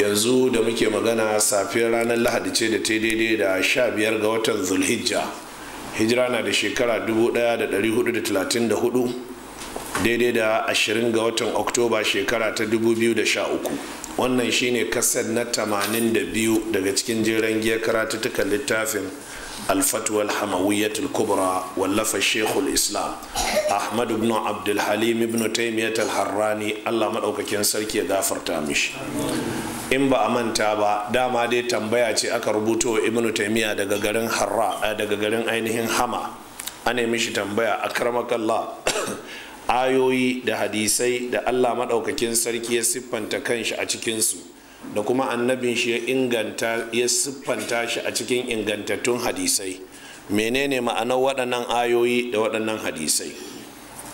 yanzu da muke magana safiyar ranar lahadi ce da ta daidai da sha biyar ga watan zulhijja hijira na da shekara 1434 daidai da 20 ga watan oktoba shekara ta 2013 wannan shine kasar na 82 daga cikin jiran giyar karatuttukan littafin الفتوى الحموية الكبرى ولف الشيخ الإسلام أحمد بن عبد الحليم بن تيمية الحراني الله maɗaukakin sarki ya غافر mishi. in ba a manta ba dama dai tambaya ce aka rubuto wa ibnu taimiyya daga garin harra daga garin ainihin hama ana mishi tambaya akramakallah ayoyi da hadisai da allah maɗaukakin sarki ya siffanta kanshi a cikinsu da kuma annabin shi ya inganta ya siffanta shi a cikin ingantattun hadisai menene ma'anar waɗannan ayoyi da waɗannan hadisai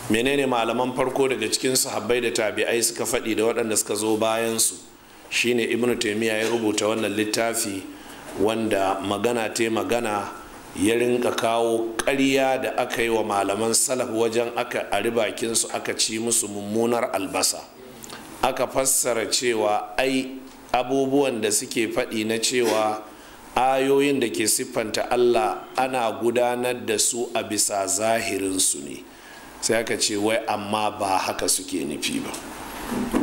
menene malaman farko daga cikin sahabbai da tabi'ai suka faɗi da waɗanda suka zo bayan su shine ibnu taimiyya ya rubuta wannan littafi wanda magana te magana ya rinka kawo ƙarya da aka yi wa malaman salaf wajen aka ari bakinsu aka ci musu mummunar albasa aka fassara cewa ai abubuwan da suke faɗi na cewa ayoyin da ke siffanta Allah ana gudanar da su a bisa zahirinsu ne sai aka ce wai amma ba haka suke nufi ba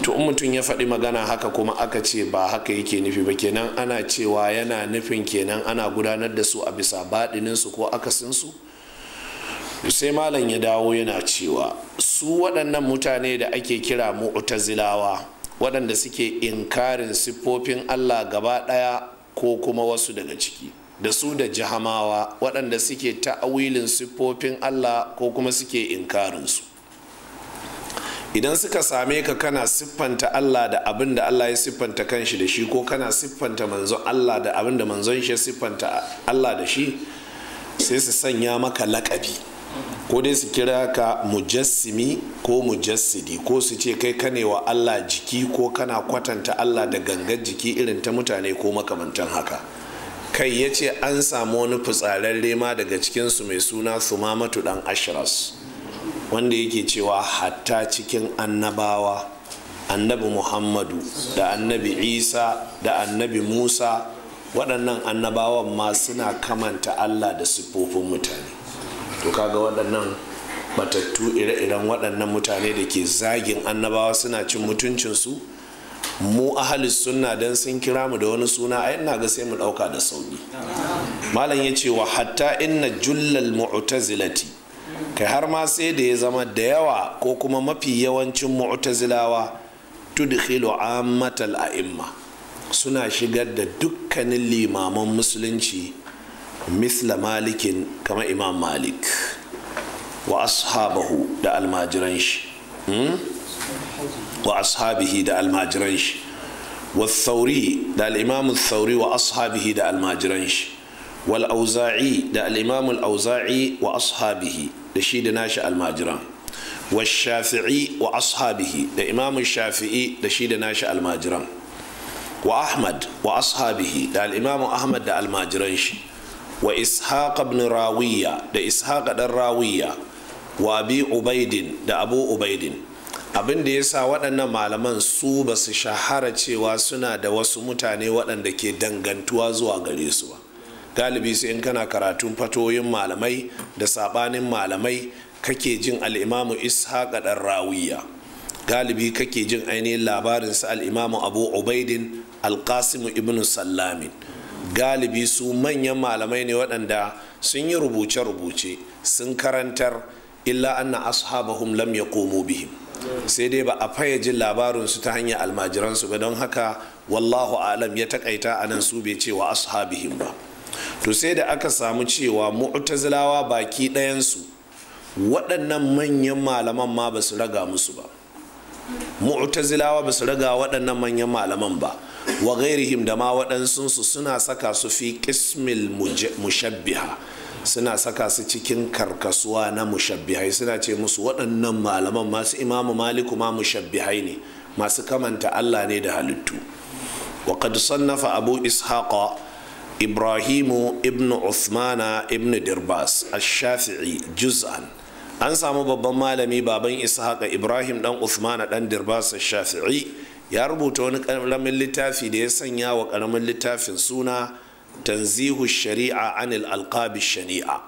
to in mutum ya faɗi magana haka kuma aka ce ba haka yake nufi ba kenan ana cewa yana nufin kenan ana gudanar da su a bisa baɗininsu ko akasinsu sai malam ya dawo yana cewa su waɗannan mutane da ake kira mu'tazilawa waɗanda suke inkarin siffofin allah gaba ɗaya ko kuma wasu daga ciki da su da jahamawa waɗanda suke ta'awilin siffofin allah ko kuma suke inkarinsu idan suka same ka kana siffanta allah da abin da allah ya siffanta kanshi da shi ko kana siffanta manzon allah da abin da manzon shi ya siffanta allah da shi sai su sanya maka lakabi. ko dai su kira ka mujassimi ko mujassidi ko su ce kai kane wa allah jiki ko kana kwatanta allah da gangar jiki irin ta mutane ko makamantan haka kai ya ce an samu wani fitsararre ma daga cikinsu mai suna sumamatu dan ashras wanda yake cewa hatta cikin annabawa annabi muhammadu da annabi isa da annabi musa waɗannan annabawan ma suna kamanta allah da siffofin mutane to kaga waɗannan matattu ire-iren waɗannan mutane da ke zagin annabawa suna cin mutuncinsu mu ahalis sunna don sun kira mu da wani suna a ina ga sai mu ɗauka da sauƙi malam ya ce wa hatta inna jullal mu'tazilati kai har ma sai da ya zama da yawa ko kuma mafi yawancin mu'tazilawa tudkhilu ammatal a'imma suna shigar da dukkanin limaman musulunci misla malikin kama imam malik wa ashabahu da almajiran shi hmm? wa ashabihi da almajiran shi wa sauri da al'imamu sauri wa ashabihi da almajiran shi wal auza'i da al'imamu auza'i wa ashabihi da shi da nashi almajiran wa shafi'i wa ashabihi da imamu shafi'i da shi da nashi almajiran wa ahmad wa ashabihi da al'imamu ahmad da almajiran shi wa ishaq ibn rawiya da ishaq dan rawiya wa bi ubaidin da abu ubaidin abin da ya sa waɗannan malaman su ba su shahara cewa suna da wasu mutane waɗanda ke dangantuwa zuwa gare su ba galibi sai in kana karatun fatoyin malamai da sabanin malamai kake jin al'imamu ishaq dan rawiya galibi kake jin ainihin labarin labarinsa al'imamu abu ubaidin alkasimu ibn sallamin galibi su manyan malamai ne waɗanda sun yi rubuce-rubuce sun karantar illa anna ashabahum lam ya komo bihim sai dai ba a faye jin labarinsu ta hanyar almajiransu ba don haka wallahu alam ya takaita a nan su bai cewa ashabihim ba to sai da aka samu cewa mu'tazilawa baki ɗayansu waɗannan manyan malaman ma ba su raga musu ba mu'tazilawa ba su raga waɗannan manyan malaman ba wa gairihim da ma waɗansunsu suna saka su fi kismil mushabbiha suna saka su cikin karkasuwa na mushabbihai suna ce musu waɗannan malaman masu imamu maliku ma mushabbihai ne masu kamanta allah ne da halittu wa qad sannafa abu ishaqa ibrahimu ibn uthmana ibn dirbas ash-shafi'i juz'an an samu babban malami baban ishaqa ibrahim dan uthmana dan dirbas ash-shafi'i ya rubuta wani karamin littafi da ya sanya wa karamin littafin suna tanzihu shari'a anil alqabi shari'a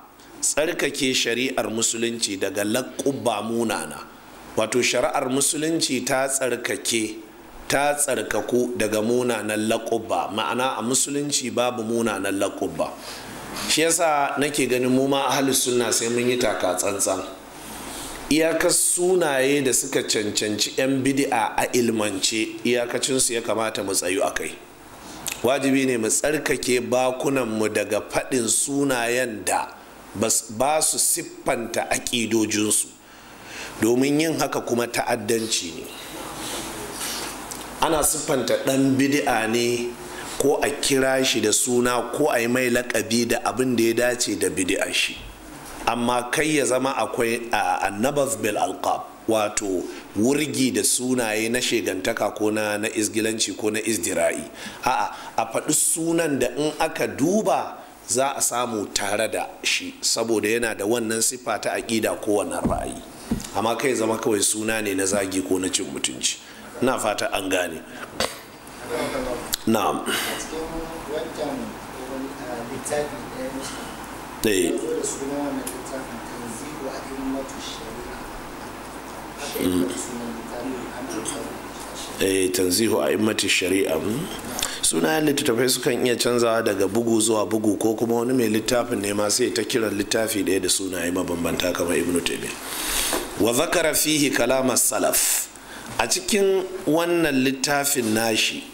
tsarkake shari'ar musulunci daga laƙuba munana wato shari'ar musulunci ta tsarkake ta tsarkaku daga munanan laƙuba ma'ana a musulunci babu munanan laƙuba shi yasa nake ganin mu ma ahlus sunna sai mun yi taka tsantsan iyakar sunaye da suka cancanci 'yan bidi'a a ilmance iyakacinsu ya kamata mu tsayu a kai wajibi ne mu tsarkake bakunanmu daga faɗin sunayen da ba su siffanta aƙidojinsu domin yin haka kuma ta'addanci ne ana siffanta ɗan bidi'a ne ko a kira shi da suna ko a yi mai lakabi da abin da ya dace da bidi'a shi amma kai ya zama akwai annabas bil alqab wato wurgi da sunaye na shegantaka ko na na izgilanci ko na izdira'i a'a a faɗi sunan da in aka duba za a samu tare da shi saboda yana da wannan siffa ta aƙida ko wannan ra'ayi amma kai zama kawai suna ne na zagi ko na cin mutunci na fata an gane na'am Eh, tanzihu a immati shari'a hmm? sunayen littattafai sukan iya canzawa daga bugu zuwa bugu ko kuma wani mai littafin ne masu sai ta kiran littafi ɗaya da sunaye mabambanta kamar ibnu taimiyya wa zakara fihi kalama salaf a cikin wannan littafin nashi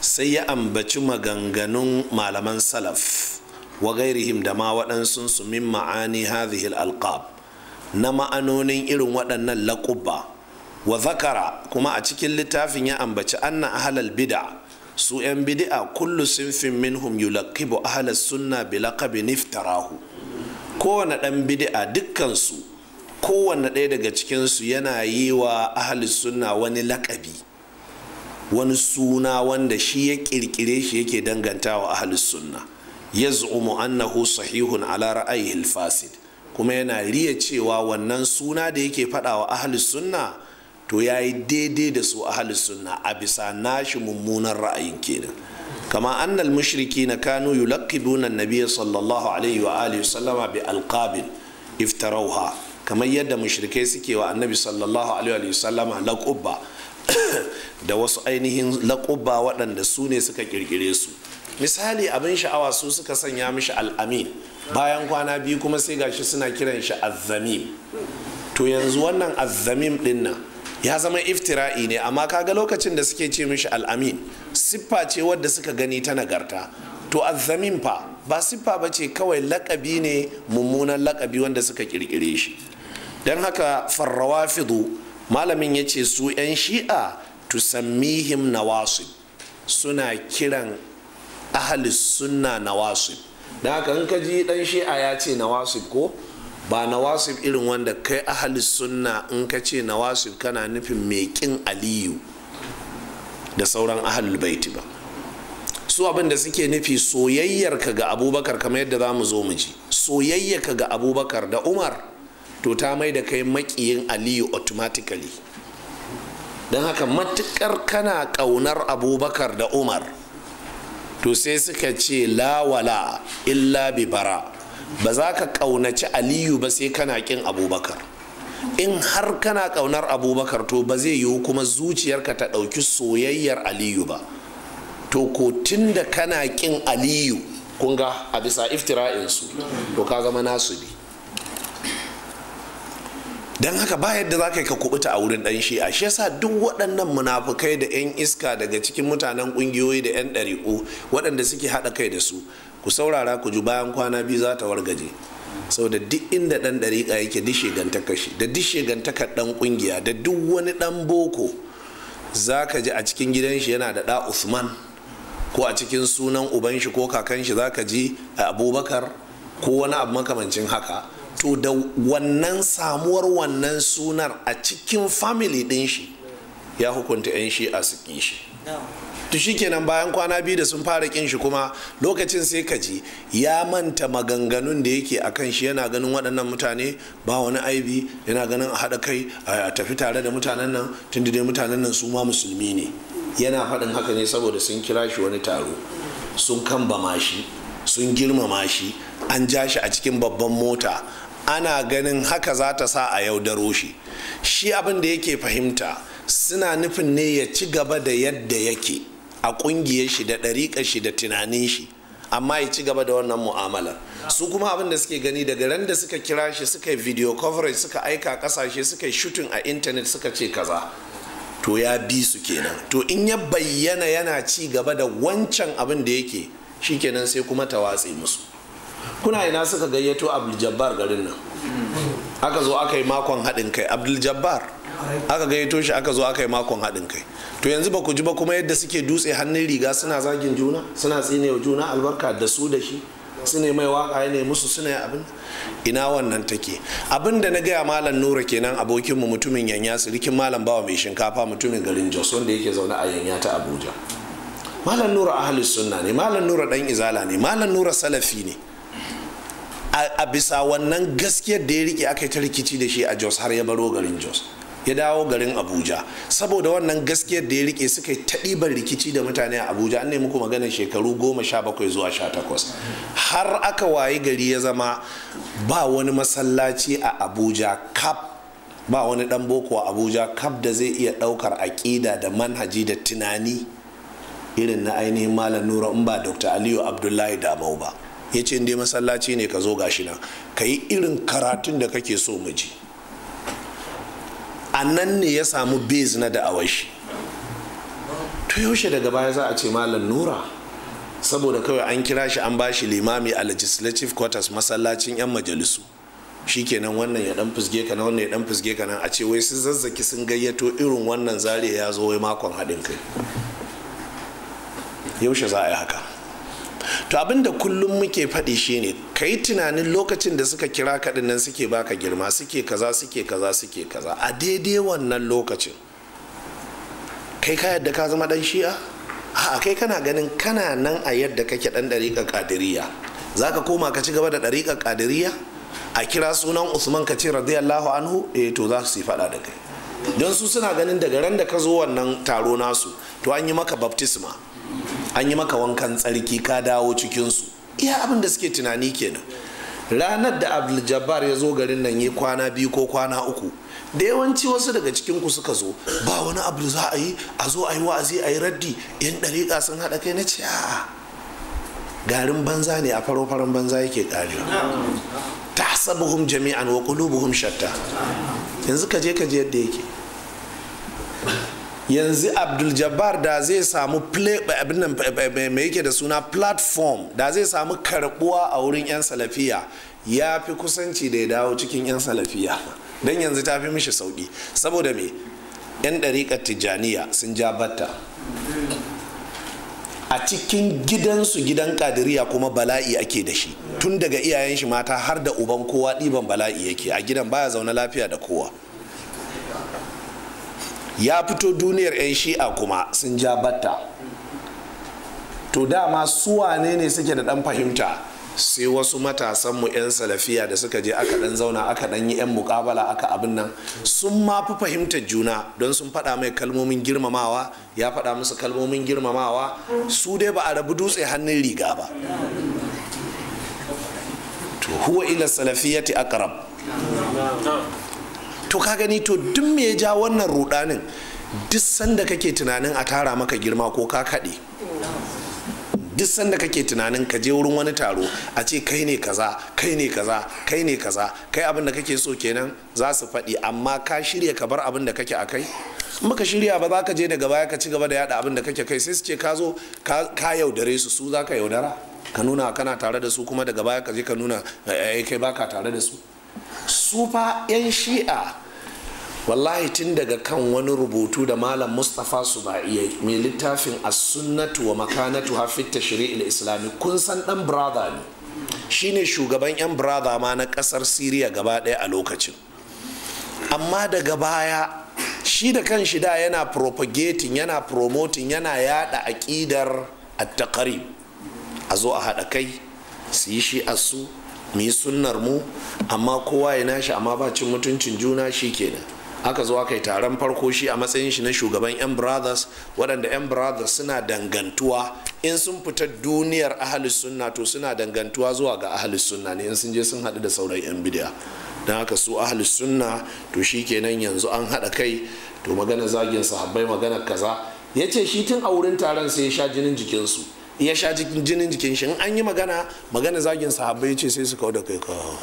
sai ya ambaci maganganun malaman salaf wa gairihim da ma waɗansu su min ma'ani hadhihi alqab na ma'anonin irin waɗannan laƙubba wa zakara kuma a cikin littafin ya ambaci anna ahlal bid'a su 'yan bid'a kullu sinfin minhum yulaqibu ahlus sunna bi laqabin iftarahu kowane ɗan bidi'a dukkansu kowane ɗaya daga cikinsu yana yi wa ahlus sunna wani laƙabi wani suna wanda shi ya ƙirƙire shi yake dangantawa wa sunna yaz'umu annahu sahihun ala ra'ayihi fasid kuma yana riya cewa wannan suna da yake faɗa wa sunna to ya yi daidai da su ahli sunna a bisa nashi mummunan ra'ayin kenan kama annal mushriki na kanu yulaqibuna nabiya sallallahu alaihi wa alihi sallama bi alqabil iftarauha kamar yadda mushrikai suke wa annabi sallallahu alaihi wa sallama laqubba da wasu ainihin laqubba waɗanda su ne suka ƙirƙire su misali abin sha'awa su suka sanya mishi al'amin bayan kwana biyu kuma sai gashi suna kiran shi azzamim to yanzu wannan azzamim din ya zama iftira'i ne amma kaga lokacin da suke ce mishi al'amin siffa ce wadda suka gani ta nagarta to azzamin fa ba siffa ba ce kawai lakabi ne mummunan lakabi wanda suka kirkire shi don haka farrawafidu malamin ya ce su 'yan shi'a tusammihim nawasib suna kiran ahalis sunna nawasib da haka in ka ji dan shi'a ya ce nawasib ko ba nawasib irin wanda kai ahalis sunna in ka ce nawasib kana nufin mai kin aliyu da sauran ahalul baiti ba su abinda suke nufi soyayyar ka ga abubakar kamar yadda za mu zo mu ji soyayyar ka ga abubakar da umar to ta mai da kai makiyin aliyu automatically don haka matukar kana kaunar abubakar da umar to sai suka ce lawala illa bi bara ba za ka ƙaunaci aliyu ba sai kana kin abubakar in har kana kaunar abubakar to ba zai yiwu kuma zuciyarka ta ɗauki soyayyar aliyu ba to ko tun da kana kin aliyu kun ga a bisa iftira'insu to ka zama nasu ne don haka ba yadda za ka yi ka kubuta a wurin ɗan shi'a shi yasa duk waɗannan munafukai da 'yan iska daga cikin mutanen ƙungiyoyi da 'yan ɗari'u waɗanda suke haɗa kai da su ku saurara ku ji bayan kwana biyu za ta wargaje sau da duk inda ɗan ɗariƙa yake duk shegantakar shi da duk ɗan ƙungiya da duk wani ɗan boko za ka ji a cikin gidan shi yana da ɗa usman ko a cikin sunan uban shi ko kakan shi za ka ji abubakar ko wani abu makamancin haka to da wannan samuwar wannan sunar a cikin family din shi ya hukunta 'yan shi a su shi to shikenan bayan kwana biyu da sun fara kin shi kuma lokacin sai ka ji ya manta maganganun da yake a kan shi yana ganin waɗannan mutane ba wani aibi yana ganin a haɗa kai a tafi tare da mutanen nan tunda dai mutanen nan su ma musulmi ne yana faɗin haka ne saboda sun kira shi wani taro sun kambama shi sun girmama shi an ja shi a cikin babban mota ana ganin haka za ta sa a yaudaro shi shi abin da yake fahimta suna nufin ne ya ci gaba da yadda yake a kungiyar shi da ɗariƙar shi da tunanin shi amma ya ci gaba da wannan mu'amala su kuma abin da suke gani daga ran da suka kira shi suka yi video coverage suka aika kasashe suka yi shooting a intanet suka ce kaza to ya bi su kenan to in ya bayyana yana ci gaba da wancan abin da yake shikenan sai kuma ta watse musu kuna ina suka gayyato abdul jabbar garin nan aka zo aka yi makon haɗin kai abdul jabbar aka gayyato shi aka zo aka yi makon haɗin kai to yanzu ba ku ji ba kuma yadda suke dutse hannun riga suna zagin juna suna tsinewa juna albarka da su da shi su ne mai waka ne musu suna yi abin ina wannan take abin da na gaya malam nura kenan abokinmu mutumin yanya sirikin malam bawa mai shinkafa mutumin garin jos wanda yake zaune a yanya ta abuja malam nura ahalis sunna ne malam nura dan izala ne malam nura salafi ne a bisa wannan gaskiyar da ya rike aka yi ta rikici da shi a jos har ya baro garin jos ya dawo garin abuja saboda wannan gaskiyar da ya rike suka yi ta ɗiban rikici da mutane a abuja an nemi kuma ganin shekaru goma sha bakwai zuwa sha takwas har aka wayi gari ya zama ba wani masallaci a abuja kap ba wani dan boko a abuja kaf da zai iya daukar aƙida da manhaji da tunani irin na ainihin malam nura in ba dr aliyu abdullahi damau ba ya ce dai masallaci ne ka zo ga shi nan ka yi irin karatun da kake so mu ji a nan ne ya samu bez na da'awar shi to yaushe daga baya za a ce malam nura saboda kawai an kira shi an ba shi limami a legislative quarters masallacin 'yan majalisu shikenan wannan ya dan fusge ka nan wannan ya dan fusge ka nan a ce wai sun zazzaki sun gayyato irin wannan zare ya zo wai makon haɗin kai yaushe za a yi haka to abin da kullum muke faɗi shine ka yi tunanin lokacin da suka kira ka nan suke baka girma suke kaza suke kaza suke kaza a daidai wannan lokacin kai ka yadda ka zama dan shi'a a kai kana ganin kana nan a yadda kake dan ɗariƙa ƙadiriya za ka koma ka ci gaba da ɗariƙa ƙadiriya a kira sunan usman ka ce radiyallahu anhu eh to za su yi faɗa da kai don su suna ganin daga ran da ka zo wannan taro nasu to an yi maka baptisma an yi maka wankan tsarki ka dawo cikinsu iya abin da suke tunani kenan ranar da abdul ya zo garin nan ya kwana biyu ko kwana uku da yawanci wasu daga cikin ku suka zo ba wani abu za a yi a zo a yi wa'azi a yi raddi yan ɗariƙa sun haɗa kai na ce a garin banza ne a faro faron banza yake ta buhum jami'an wa buhum shatta yanzu ka je ka je yadda yake yanzu abdul jabbar da zai samu eh, eh, mai yake da suna platform da zai samu karbuwa a wurin 'yan salafiya ya fi kusanci da ya dawo cikin 'yan salafiya don yanzu ta fi mishi sauki saboda me 'yan ɗariƙar tijjaniya sun ja batta a cikin gidansu gidan kadiriya kuma bala'i ake da shi tun daga iyayen shi mata har da uban kowa ɗiban bala'i yake a gidan baya zaune lafiya da kowa ya fito duniyar 'yan shi'a kuma sun ja batta to dama suwane ne suke da dan fahimta sai wasu matasan mu 'yan salafiya da suka je aka dan zauna aka dan yi 'yan mukabala aka abin nan sun ma fi fahimtar juna don sun faɗa mai kalmomin girmamawa ya faɗa musu kalmomin girmamawa su dai ba a rabu dutse hannun riga ba to huwa ila salafiyati akrab to ka gani to duk me ya ja wannan rudanin duk sanda kake tunanin a tara maka girma ko ka kaɗe duk sanda kake tunanin ka je wurin wani taro a ce kai ne kaza kai ne kaza kai ne kaza kai abin da kake so kenan za su faɗi amma ka shirya ka bar abin da kake a kai maka shirya ba za ka je daga baya ka ci gaba da yada abin da kake kai sai su ce ka zo ka yaudare su su za ka yaudara ka nuna kana tare da su kuma daga baya ka je ka nuna eh, eh, kai baka tare da su su fa yan shi'a wallahi tun daga kan wani rubutu da malam mustapha su ba iya mai littafin a sunnatu wa makanatu hafi tashri'il islami kun san dan brother ne shine shugaban yan brother ma na kasar syria gaba daya a lokacin amma daga baya shi da kan shi da yana propagating yana promoting yana yada aƙidar attakarib a zo a haɗa kai su yi shi a su mu yi sunnar mu amma kowa ya nashi amma ba cin mutuncin juna shi kenan aka zo aka yi taron farko shi a matsayin shi na shugaban yan brothers waɗanda yan brothers suna dangantuwa in sun fita duniyar ahalus sunna to suna dangantuwa zuwa ga ahalus sunna ne in sun je sun haɗu da sauran yan bidiya don haka su ahalus sunna to shi kenan yanzu an haɗa kai to magana zagin sahabbai magana kaza ya ce shi tun a wurin taron sai ya sha jinin jikinsu ya sha jinin jikin shi in an yi magana magana zagin sahabbai ya ce sai su kawo da kai kawo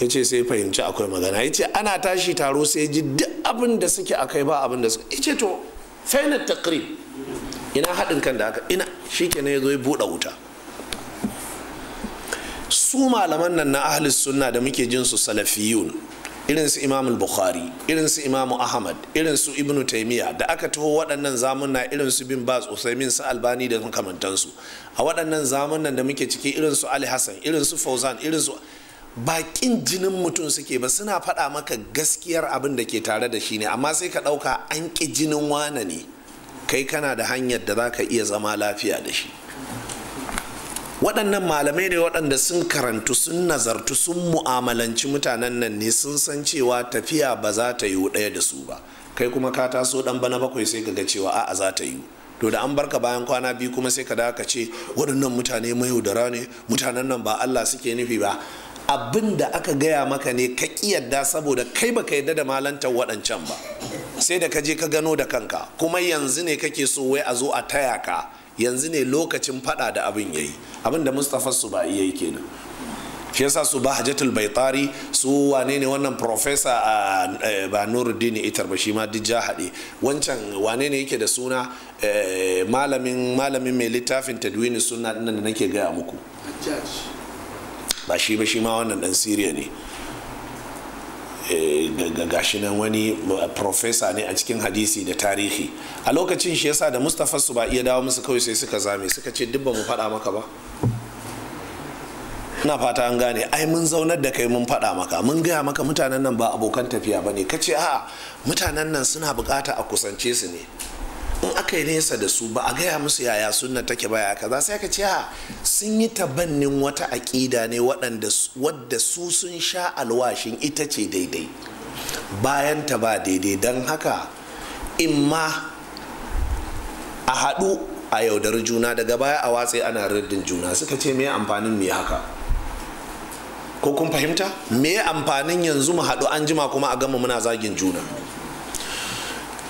ya ce sai fahimci akwai magana ya ce ana tashi taro sai ji duk abin da suke kai ba abin da suke ya ce to fainar takrib ina haɗin kan da aka ina shi kenan ya zo ya buɗe wuta su malaman nan na ahlis sunna da muke jin su salafiyun irin su imam bukhari irin su imam ahmad irin su ibnu taimiyya da aka taho waɗannan zamuna irin su bin bas usaimin su albani da makamantansu a waɗannan zamunan da muke ciki irin su ali hassan irin su fauzan irin su bakin jinin mutum suke ba suna faɗa maka gaskiyar abin da ke tare da shi ne amma sai ka ɗauka an ƙi jinin wane ne kai kana da hanyar da za ka iya zama lafiya da shi waɗannan malamai ne waɗanda sun karantu sun nazartu sun mu'amalanci mutanen nan ne sun san cewa tafiya ba za ta yiwu ɗaya da su ba kai kuma ka taso ɗan bana bakwai sai ka ga cewa a'a za ta yiwu to da an barka bayan kwana biyu kuma sai ka da ka ce waɗannan mutane mayaudara ne mutanen nan ba Allah suke nufi ba abin da aka gaya maka ne ka yadda saboda kai baka yadda da malantar waɗancan ba sai da ka je ka gano da kanka kuma yanzu ne kake so wai a zo a taya ka yanzu ne lokacin faɗa da abin yayi abin da mustapha su ba iya yi kenan shi yasa su ba hajjatul baitari su wane ne wannan profesa a ba nuruddin itar ba shi ma duk wancan wane ne yake da suna eh, malamin malamin mai littafin tadwini suna ɗin da nake gaya muku ba shi ba shi ma wannan dan siriya ne eh, Ga gashi nan wani uh, profesa ne a cikin hadisi da tarihi a lokacin shi yasa da mustapha su ba iya dawo musu kawai sai suka zame suka ce duk ba mu faɗa maka ba ina fata an gane ai mun zaunar da kai mun faɗa maka mun gaya maka mutanen nan ba abokan tafiya ba ne ka ce a mutanen nan suna bukata a kusance su ne in aka yi nesa da su ba a gaya musu yaya sunna take baya kaza sai ka ce ha sun yi tabannin wata aƙida ne wadda su sun sha alwashin ita ce daidai bayan ta ba daidai don haka in ma a haɗu a yaudar juna daga baya a watse ana raddin juna suka ce me amfanin me haka ko kun fahimta me amfanin yanzu mu haɗu an jima kuma a gama muna zagin juna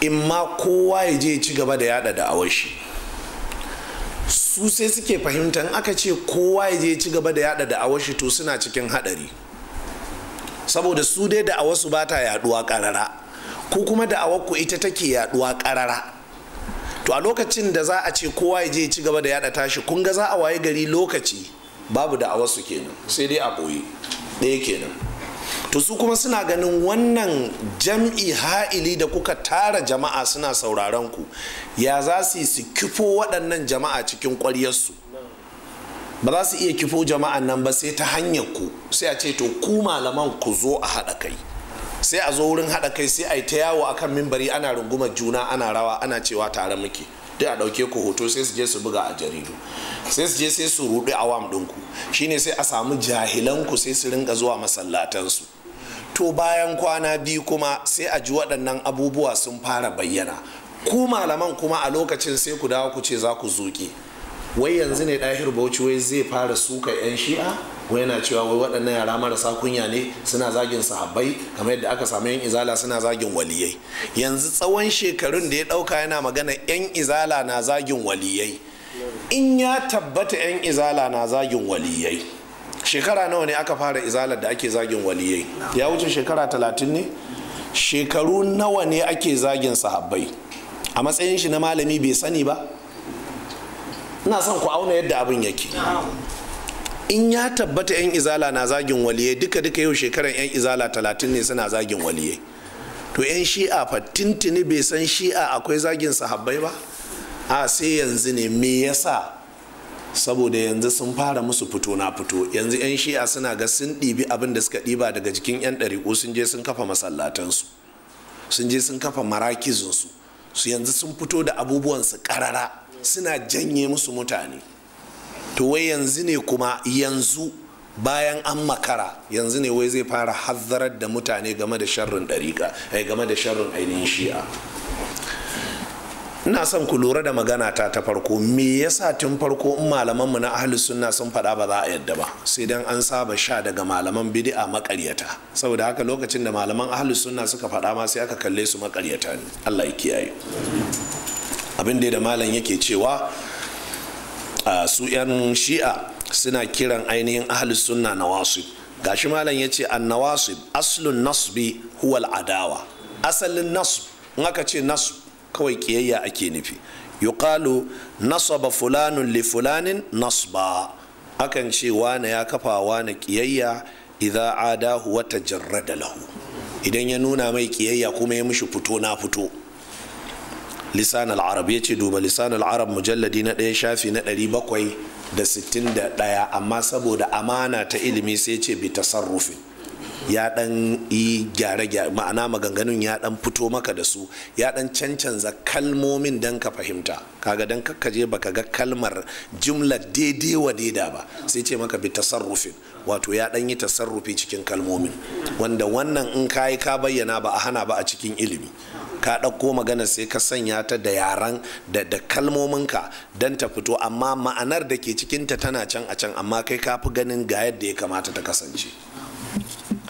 in ma kowa ya je ci gaba da yada da shi su sai suke fahimta in aka ce kowa ya je ci gaba da yada da shi to suna cikin hadari saboda su dai da awa su bata yaduwa karara ko kuma da ku ita take yaduwa karara to a lokacin da za a ce kowa ya je ci gaba da yada tashi kun ga za a waye gari lokaci babu da su kenan sai dai a boye ɗaya kenan to su kuma suna ganin wannan jam'i ha'ili da kuka tara jama'a suna sauraron ku ya za su yi su kifo waɗannan jama'a cikin ƙwaryarsu ba za su iya kifo jama'an nan ba sai ta hanyar ku sai a ce to ku malaman ku zo a haɗa kai sai a zo wurin haɗa kai sai a yi ta yawo akan mimbari ana rungumar juna ana rawa ana cewa tare muke da a ɗauke ku hoto sai su je su buga a jaridu sai su je sai su ruɗi awam ɗinku shine sai a samu jahilan ku sai su rinka zuwa masallatan su. to bayan kwana biyu kuma sai a ji waɗannan abubuwa sun fara bayyana ku malaman kuma a lokacin sai ku dawo ku ce za ku zuƙi wai yanzu ne ɗahir bauchi wai zai fara suka 'yan shi'a wai yana cewa wai waɗannan yara marasa kunya ne suna zagin sahabbai kamar yadda aka samu yan izala suna zagin waliyai yanzu tsawon shekarun da ya ɗauka yana magana yan izala na zagin waliyai in ya tabbata yan izala na zagin waliyai shekara nawa ne aka fara izalar da ake zagin waliyai ya wuce shekara talatin ne shekaru nawa ne ake zagin sahabbai a matsayin shi na malami bai sani ba ina son ku auna yadda abin yake in ya tabbata 'yan izala na zagin waliye duka duka yau shekaran 'yan izala talatin ne suna zagin waliye to 'yan shi'a fa tintini bai san shi'a akwai zagin sahabbai ba a sai yanzu ne me yasa saboda yanzu sun fara musu fito na fito yanzu 'yan shi'a suna ga sun ɗibi abin da suka ɗiba daga jikin 'yan ɗariƙo sun je sun kafa masallatansu sun je sun kafa marakizinsu su yanzu sun fito da abubuwansu ƙarara suna janye musu mutane to wai yanzu ne kuma yanzu bayan an makara yanzu ne wai zai fara hazzarar da mutane game da sharrin ɗariƙa eh, game da sharrin ainihin shi'a ina son ku lura da magana ta ta farko me yasa tun farko in malaman mu na ahli sunna sun faɗa ba za a yadda ba sai dan an saba sha daga malaman bidi'a makaryata saboda haka lokacin da malaman ahli sunna suka faɗa ma sai aka kalle su makaryata ne Allah ya kiyaye abin da malam yake cewa su 'yan shi'a suna kiran ainihin ahlus sunna nawasib shi malam ya ce annawasib aslun nasbi huwal adawa asalin nasb in aka ce nasb kawai kiyayya ake nufi yuqalu nasaba fulanun li fulanin ba. akan ce wane ya kafa wane kiyayya idza adahu wa tajarrada lahu idan ya nuna mai kiyayya kuma ya mishi fito na fito lisan al-arab ce duba lisan al-arab mujalladi na ɗaya shafi na ɗari bakwai da sittin da ɗaya amma saboda amana ta ilimi sai ce bi tasarrufin ya dan yi gyare gyare ma'ana maganganun ya dan fito maka da su ya ɗan cancanza kalmomin dan ka fahimta kaga dan kakkaje baka ga kalmar jimla daidai wa daida ba sai ce maka bi tasarrufin wato ya dan yi tasarrufi cikin kalmomin wanda wannan in ka yi ka bayyana ba a hana ba a cikin ilimi ka ɗauko magana sai ka sanya ta da yaran da da ka don ta fito amma ma'anar da ke cikinta tana can a can amma kai ka fi ganin ga yadda ya kamata ta kasance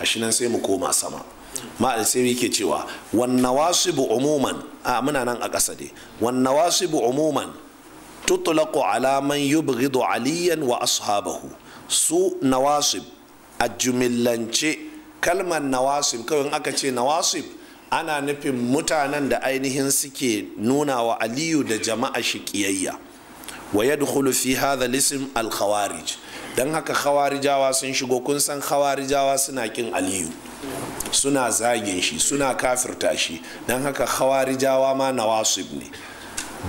shi nan sai mu koma sama ma sai yake cewa wanna bu umuman a muna nan a ƙasa dai wanna bu umuman tutlaqu alaman man bugido aliyan wa ashabahu su nawasib a jumillance kalmar nawasib kawai aka ce nawasib ana nufin mutanen da ainihin suke nuna wa aliyu da jama'a shi kiyayya wa yadkhulu fi hadha al al-khawarij dan haka khawarijawa sun shigo kun san khawarijawa suna kin aliyu suna zagin shi suna kafirta shi dan haka khawarijawa ma nawasib ne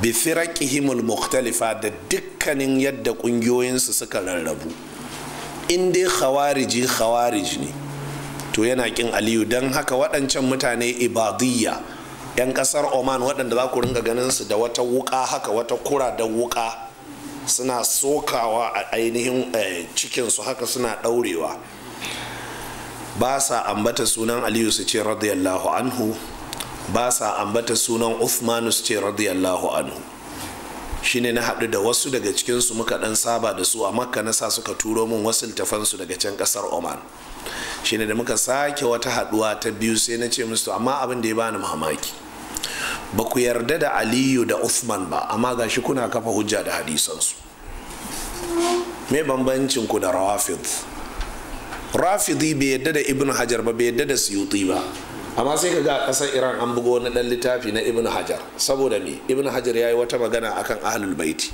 bi firaqihim al-mukhtalifa da dukkanin yadda kungiyoyinsu suka rarrabu in dai khawariji khawarij ne to yana kin aliyu don haka waɗancan mutane ibadiyya 'yan ƙasar oman waɗanda za ku ringa ganin su da wata wuka haka wata kura da wuka suna sokawa a ainihin eh, cikinsu haka suna ɗaurewa ba sa ambata sunan aliyu su ce radiyallahu anhu ba sa ambata sunan uthmanu su ce radiyallahu anhu shine na haɗu da wasu daga cikinsu muka ɗan saba da su a makka na sa suka turo min wasu littafansu daga can ƙasar oman shine da muka sake wata haduwa ta biyu sai na ce musu amma abin da ya bani mamaki ba ku yarda da aliyu da usman ba amma gashi kuna kafa hujja da hadisansu me bambancin ku da rafid rafidi bai yarda da ibn hajar ba bai yarda da suyuti ba amma sai ka ga a ƙasar iran an bugo wani ɗan littafi na ibn hajar saboda me ibn hajar ya yi wata magana akan ahlul baiti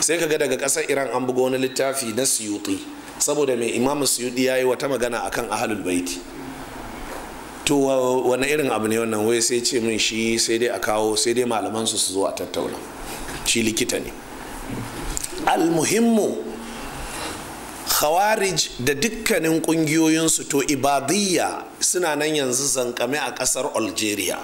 sai ka ga daga ƙasar iran an bugo wani littafi na suyuti saboda mai imamu suyudi ya yi wata magana akan ahalul baiti to wani irin abu ne wannan wai sai ce min shi sai dai a kawo sai dai malaman su su zo a tattauna shi likita ne almuhimmu khawarij da dukkanin kungiyoyinsu to ibadiyya suna nan yanzu zankame a ƙasar algeria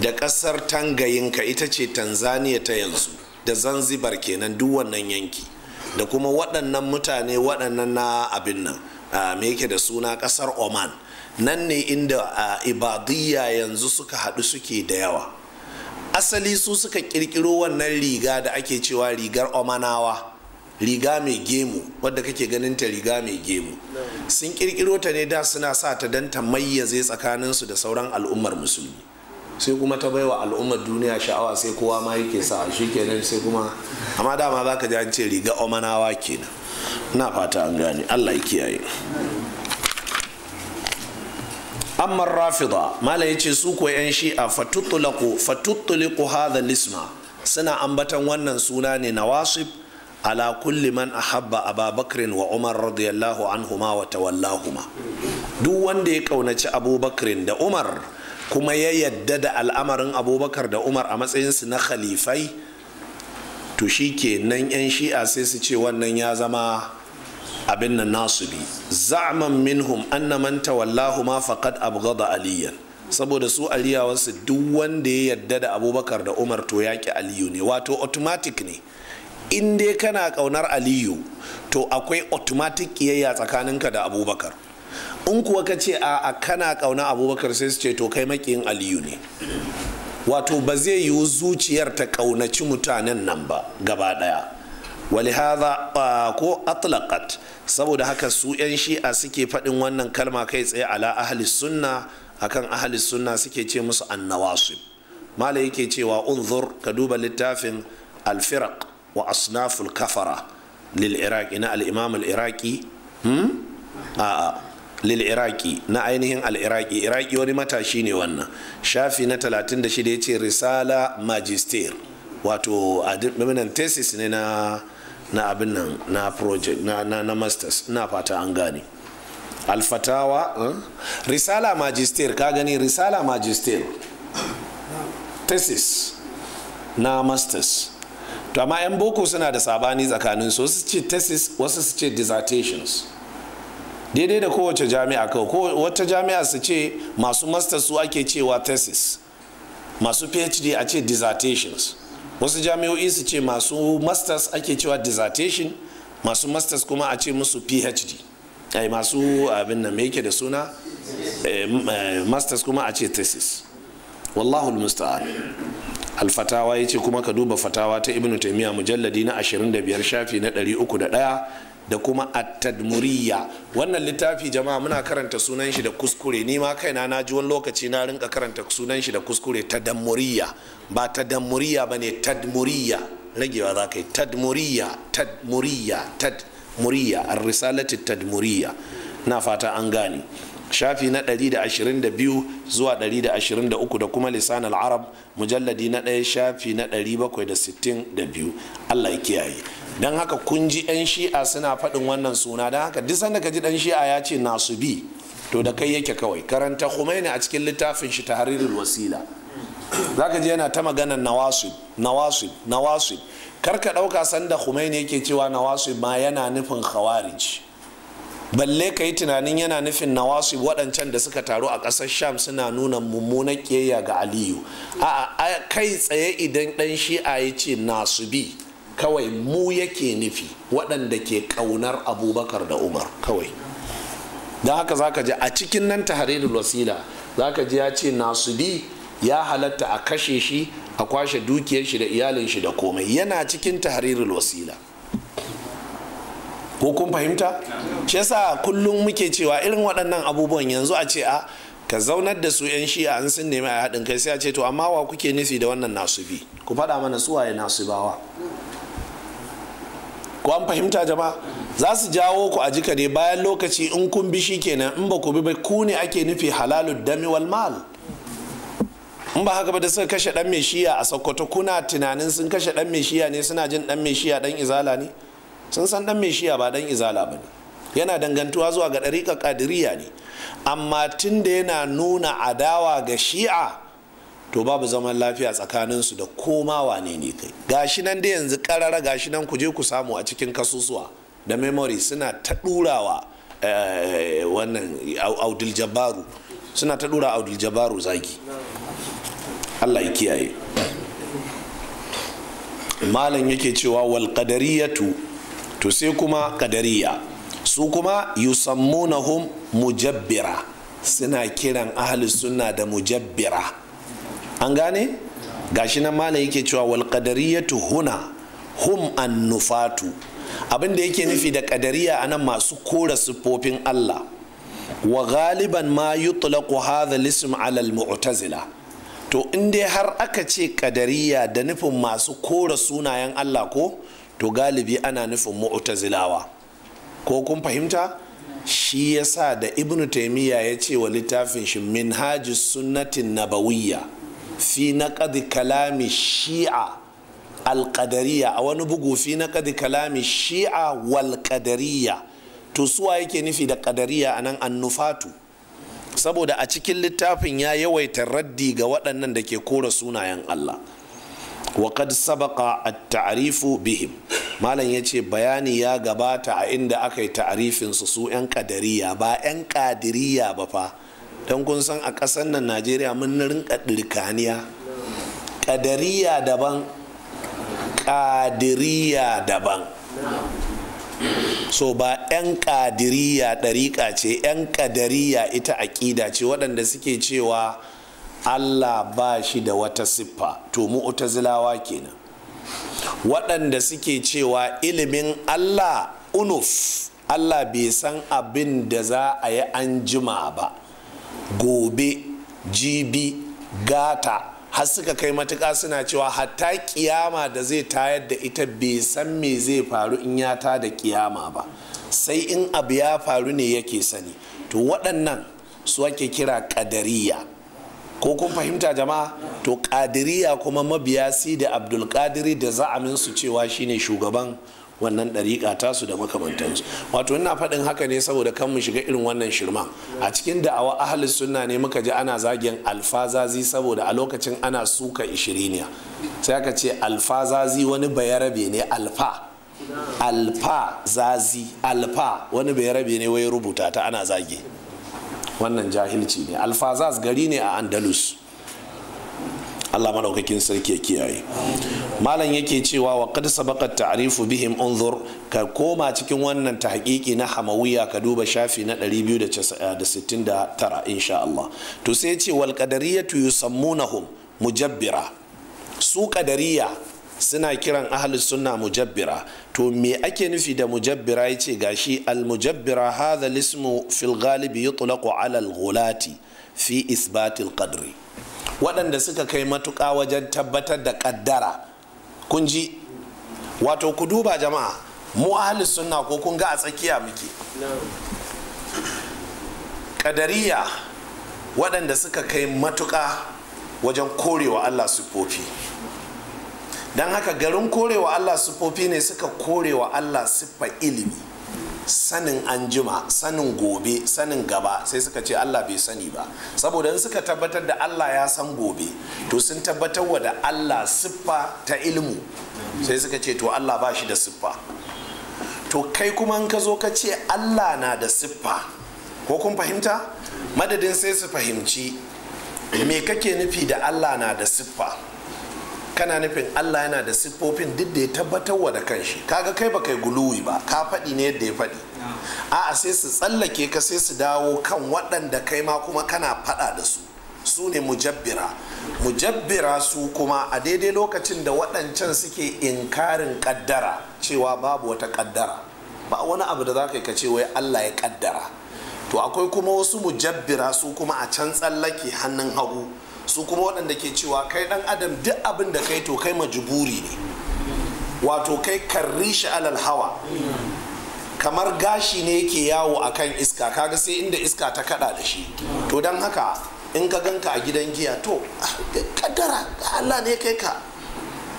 da ƙasar tangayinka ita ce tanzania ta yanzu da zanzibar kenan duk wannan yanki da kuma waɗannan mutane waɗannan na abin nan me yake da suna ƙasar oman nan ne inda a ibadiyya yanzu suka haɗu suke da yawa asali su suka ƙirƙiro wannan riga da ake cewa rigar omanawa riga mai gemu wadda kake ganin ta riga mai gemu sun ƙirƙiro ta ne da suna sa ta don ta mayyaze tsakaninsu da sauran al'ummar musulmi sai kuma ta baiwa al'ummar duniya sha'awa sai kowa ma yake sa shi kenan sai kuma amma dama za ka ji an ce riga omanawa kenan na fata an gane allah ya kiyaye amma rafida malam ya ce su ko yan shi'a fatutulaku fatutulaku hadha lisma suna ambatan wannan suna ne na wasif ala kulli man ahabba ababakrin wa umar radiyallahu anhuma wa tawallahuma duk wanda ya kaunaci abubakrin da umar kuma ya yadda da al'amarin abubakar da umar a matsayinsu na khalifai to shi ke nan 'yan shi'a sai su ce wannan ya zama abin nan nasu bi za'aman minhum anna manta tawallahu ma faqad abghada aliyan saboda su aliyawansu duk wanda ya yadda da abubakar da umar to yaƙi aliyu ne wato automatic ne in dai kana ƙaunar aliyu to akwai automatic kiyayya tsakaninka da abubakar in kuwa ka ce a kana kauna abubakar sai su ce to kai makiyin aliyu ne wato ba zai yiwu zuciyar ta kaunaci mutanen nan ba gaba daya walihaza ko atlaqat saboda haka su 'yan shi'a suke faɗin wannan kalma kai tsaye ala ahli sunna akan ahli sunna suke ce musu annawasib mala yake cewa unzur ka duba littafin alfiraq wa asnaful kafara lil iraqi na al-imam al-iraqi hmm? a'a liliraki na ainihin al'iraki iraki wani matashi ne wannan shafi na 36 ya ce risala magister wato a dominan tesis ne na na abin nan na project na na, na masters ina fata an gane alfatawa eh? risala magister ka gani risala magister tesis na masters to amma 'yan boko suna da sabani tsakanin su wasu ce tesis wasu su ce dissertations daidai da kowace jami'a kawai ko wata jami'a su ce masu master su ake cewa thesis masu phd a ce dissertations wasu jami'o'i su ce masu masters ake cewa dissertation masu masters kuma a ce musu phd ai masu abin nan me yake da suna eh, eh, masters kuma a ce thesis wallahu musta'an alfatawa ya ce kuma ka duba fatawa ta ibnu taimiyya mujalladi na 25 shafi na 301 da kuma at tadmuriya. wannan littafi jama'a muna karanta sunan shi da kuskure ni ma kaina na ji wani lokaci na rinka karanta sunan shi da kuskure Ta damuriya ba tadmuriya. bane tadmuriya ragewa za ka yi tadmuriya, tadmuriya. tadmuriya ar-risalati tadmuriya na fata an gane shafi na 122 zuwa 123 da kuma lisan al'arab mujalladi na ɗaya shafi na 762 allah ya kiyaye don haka kun ji 'yan shi'a suna faɗin wannan suna don haka duk sanda ka ji dan shi'a ya ce nasu bi to da kai yake kawai karanta Khumaini a cikin littafin shi ta tahrirul wasila zaka ji yana ta maganar nawasib nawasib nawasib kar ka ɗauka sanda Khumaini yake cewa nawasib ma yana nufin khawarij balle ka yi tunanin yana nufin nawasu waɗancan da suka taru a ƙasar sham suna nuna mummunan ƙiyayya ga aliyu a kai tsaye idan ɗan shi'a yi ce bi kawai mu yake nufi waɗanda ke ƙaunar abubakar da umar kawai don haka za ka ji a cikin nan tahrirul wasila za ka ji ya ce bi ya halatta a kashe shi a kwashe dukiyar shi da iyalin shi da komai yana cikin tahrirul wasila ko kun fahimta shi yasa kullum muke cewa irin waɗannan abubuwan yanzu a ce a ka zaunar da su yan shi'a an sun nemi a haɗin kai sai a ce to amma wa kuke nufi da wannan nasu bi ku faɗa mana su waye nasu bawa ku an fahimta jama'a za su jawo ku a jika ne bayan lokaci in kun bi shi kenan in ba ku bi bai ku ne ake nufi halalu dami wal mal in ba haka ba da suka kashe dan mai shiya a sokoto kuna tunanin sun kashe dan mai shiya ne suna jin dan mai shiya dan izala ne sun san dan mai shiya ba dan izala ba ne yana dangantuwa zuwa ga ɗariƙa ƙadiriya ne amma tun da yana nuna adawa ga shi'a to babu zaman lafiya tsakaninsu da koma wane ne kai gashi nan da yanzu karara gashi nan ku je ku samu a cikin kasusuwa da memory suna ta ɗurawa eh, wannan audul jabaru suna ta ɗura audul jabaru zagi allah ya kiyaye malam yake cewa wal qadariyatu to sai kuma kadariya su kuma yusammunahum mujabbira suna kiran ahli sunna da mujabbira an gane gashi nan mana yake cewa wal qadariyatu huna hum an nufatu abinda yake nufi da kadariya anan masu kora siffofin Allah wa galiban ma yutlaqu hadha al-ism ala al-mu'tazila to in dai har aka ce kadariya da nufin masu kora sunayen Allah ko to galibi ana nufin mu'tazilawa ko kun fahimta shi yasa da Ibn taimiyya ya ce wa littafin shi minhajus sunnatin nabawiyya fi naqdi kalami shi'a alƙadariya a wani bugu fi na kadi kalami shi'a wal ƙadariya to suwa yake nufi da ƙadariya a nan annufatu saboda a cikin littafin ya yawaita raddi ga waɗannan da ke kora sunayen Allah wa qad a at-ta'rifu bihim malam yace bayani ya gabata a inda aka yi ta'arifin su su yan kadariya ba yan kadiriya ba fa dan kun san a ƙasar nan Najeriya mun rinka dirkaniya kadariya daban kadiriya daban so ba 'yan kadiriya ɗariƙa ce 'yan kadariya ita aƙida ce waɗanda suke cewa allah ba shi da wata siffa to utazilawa kenan waɗanda suke cewa ilimin allah unuf allah bai san abin da za a yi an jima ba gobe jibi gata har suka kai matuƙa suna cewa hatta kiyama da zai tayar da ita bai san me zai faru in ya ta da kiyama ba sai in abu ya faru ne yake sani to waɗannan su ake kira ƙadariya ko kun fahimta jama'a to kadiriya kuma mabiya si da abdulkadiri da za za'amin su cewa shine shugaban wannan ɗariƙa tasu da makamantansu wato ina faɗin haka ne saboda kan mu shiga irin wannan shirman a cikin da awa ahli sunna ne muka ji ana zagin alfazazi saboda a lokacin ana suka ishiriniya sai aka ce alfazazi wani bayarabe ne alfa alfa zazi alfa wani bayarabe ne wai rubuta ta ana zage wannan jahilci ne alfazaz gari ne a andalus allah maɗaukakin sarki ya kiyaye malam yake cewa wa qad sabaqa ta'rifu bihim unzur ka koma cikin wannan tahqiqi na hamawiya ka duba shafi na 269 insha Allah to sai ya ce wal qadariyatu yusammunahum mujabbira su qadariya suna kiran ahlus sunna mujabbira to me ake nufi da mujabbira yace gashi al mujabbira hadha lismu fil ghalibi yutlaqu ala al ghulati fi isbatil qadri waɗanda suka kai matuƙa wajen tabbatar da ƙaddara kun ji wato ku duba jama'a mu ahlus sunna ko kun ga a tsakiya muke ƙadariya waɗanda suka kai matuƙa wajen korewa allah siffofi don haka garin korewa allah siffofi ne suka korewa allah siffa ilimi sanin anjima sanin gobe sanin gaba sai suka ce allah bai sani ba saboda in suka tabbatar da allah ya san gobe to sun tabbatar wa da allah siffa ta ilimu sai suka ce to allah ba shi da siffa to kai kuma in ka zo ka ce allah na da siffa ko kun fahimta madadin sai su fahimci me kake nufi da allah na da siffa kana nufin Allah yana da siffofin duk da ya tabbatar wa da kanshi kaga kai ba yi guluwi ba ka faɗi ne yadda ya faɗi a'a sai su tsallake ka sai su dawo kan waɗanda kai ma kuma kana faɗa da su su ne mujabbira mujabbira su kuma a daidai lokacin da waɗancan suke inkarin kaddara cewa babu wata kaddara ba wani abu da za ka yi ka ce wai Allah ya kaddara to akwai kuma wasu mujabbira su kuma a can tsallake hannun hagu su kuma waɗanda ke cewa kai ɗan adam duk abin da kai to kai majiburi ne wato kai karrishi alal hawa kamar gashi ne yake yawo a kan iska kaga sai inda iska ta kada da shi to don haka in ka ganka a gidan giya to ah, kaddara Allah ne ya kai ka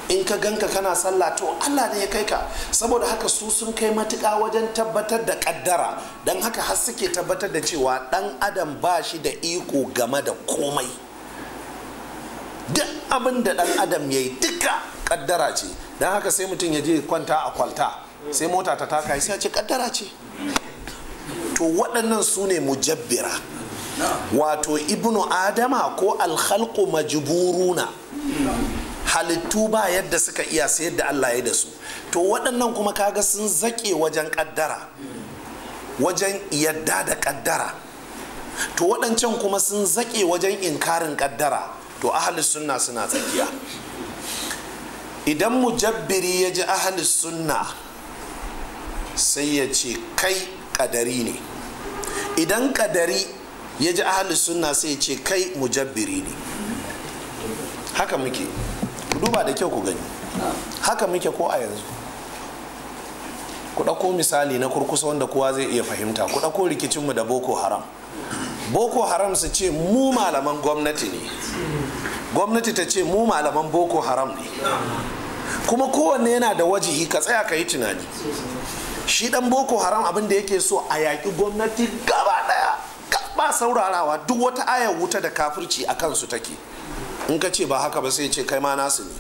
in ka ganka kana sallah to Allah ne ya kai ka saboda haka su sun kai matuka wajen tabbatar da kaddara don haka har suke tabbatar da cewa ɗan adam ba shi da iko game da komai duk abin da dan adam ya yi duka kaddara ce don haka sai mutum ya je kwanta a kwalta sai mota ta taka sai ya ce kaddara ce to waɗannan su ne mujabbira wato ibnu adama ko alhalku Majiburuna. halittu ba yadda suka iya sai yadda allah ya da su to waɗannan kuma kaga sun zaƙe wajen kaddara wajen yadda da kaddara to waɗancan kuma sun zaƙe wajen inkarin kaddara to ahalis sunna suna tsakiya idan mujabbiri ya ji ahalis sunna sai ya ce kai kadari ne idan kadari ya ji ahalis sunna sai ya ce kai mujabbiri ne haka muke duba da kyau ku gani haka muke ko a yanzu ku ɗauko misali na kurkusa wanda kowa zai iya fahimta ku ɗauko rikicinmu da boko haram boko haram su ce mu malaman gwamnati ne gwamnati ta ce mu malaman boko haram ne kuma kowanne yana da wajihi ka tsaya ka yi tunani shi dan boko haram abin da yake so a yaƙi gwamnati gaba daya ba saurarawa duk wata ayar wuta da kafirci a kansu take in ka ce ba haka ba sai ce kai ma nasu ne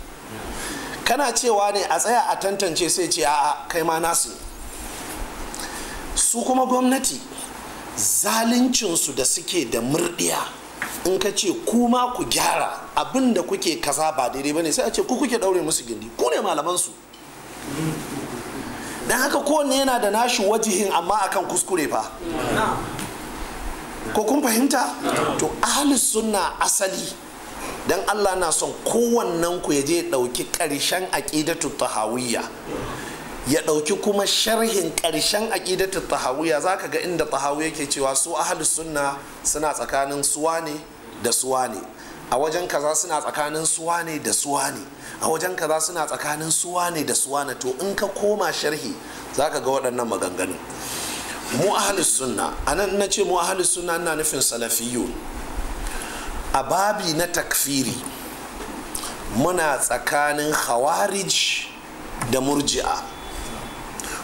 kana cewa ne a tsaya a tantance sai ce a'a kai ma nasu ne su kuma gwamnati zaluncinsu da suke da murdiya in ka ce kuma ku gyara abin da kuke kaza ba daidai bane sai a ce ku kuke daure musu gindi ku ne malamansu don haka kowanne yana da nashi wajihin amma akan kuskure fa ko kun fahimta to ahli sunna asali don Allah na son kowannen ku ya je ɗauki ƙarshen aƙidatu tahawiyya ya ɗauki kuma sharhin ƙarshen aƙidata tahawiya za ka ga inda tahawiya ke cewa su ahalus sunna suna tsakanin suwa ne da suwa ne a wajen kaza suna tsakanin suwa ne da suwa ne a wajen kaza suna tsakanin suwa ne da suwa ne to in ka koma sharhi za ka ga waɗannan maganganu. mu ahalus sunna anan na ce mu ahalus sunna ina nufin salafiyu a babi na takfiri muna tsakanin khawarij da murji'a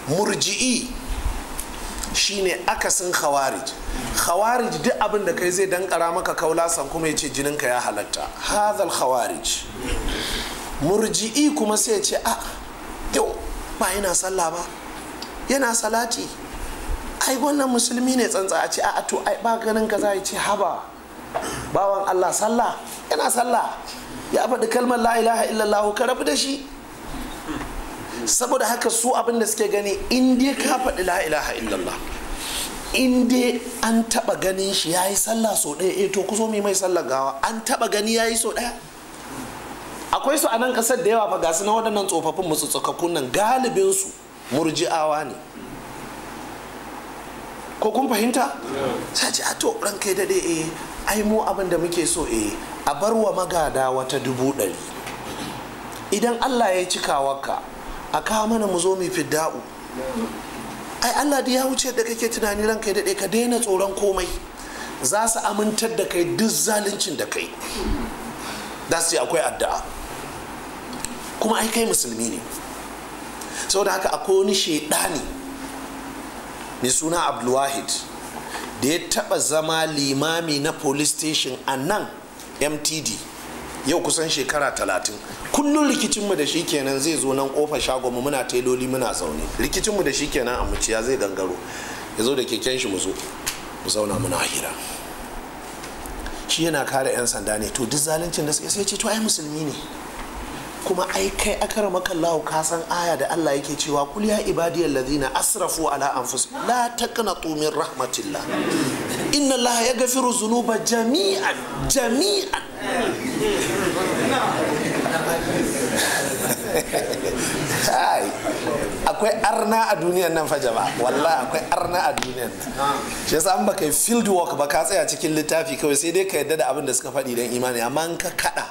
murji'i shine akasin khawarij khawarij duk abin da kai zai dankara maka san kuma ya ce ka ya halatta hazal khawarij murji'i kuma sai ya ce a ah, yau ba yana sallah ba yana salati ai wannan musulmi ne tsantsa a ce a to ai ba ganin ka za ce haba bawan allah sallah yana sallah ya faɗi kalmar la ilaha illallah ka rabu da shi saboda haka su abin da suke gani in dai ka faɗi la ilaha illallah in dai an taɓa ganin shi ya yi sallah sau ɗaya e to kuso mai mai sallar gawa an taɓa gani ya yi sau ɗaya akwai su a nan ƙasar da yawa fa ga su na waɗannan tsofaffin musu tsakakkun nan galibin su murji'awa ne ko kun fahimta sai a to ran kai daɗe e ai mu abin da muke so e a bar wa magada wata dubu ɗari idan allah ya cika wakka a kawo mana mu zo mu fidda'u ai Allah da ya wuce da kake tunani ranka daɗe ka daina tsoron komai za su amintar da kai duk zaluncin da kai za su yi akwai addu'a kuma ai kai musulmi ne saboda haka akwai wani shaidani mai suna abdulwahid da ya taɓa zama limami na police station a nan mtd yau kusan shekara talatin kullum rikicinmu da shi kenan zai zo nan kofa mu muna teloli muna zaune rikicinmu da shi kenan a muciya zai gangaro ya zo da keken shi mu zo mu zauna muna hira shi yana kare 'yan sanda ne to duk zaluncin da sai ce to ai musulmi ne kuma ai kai akara makallahu ka san aya da Allah yake cewa kul ya ibadiyal ladina asrafu ala anfusihim la taqnatu min rahmatillah inna allaha yaghfiru dhunuba jami'an jami'an akwai arna a duniyan nan fa jama'a wallahi akwai arna a duniyan shi yasa an baka field work ba ka tsaya cikin littafi kawai sai dai ka yadda da abin da suka faɗi dan imani amma an ka kada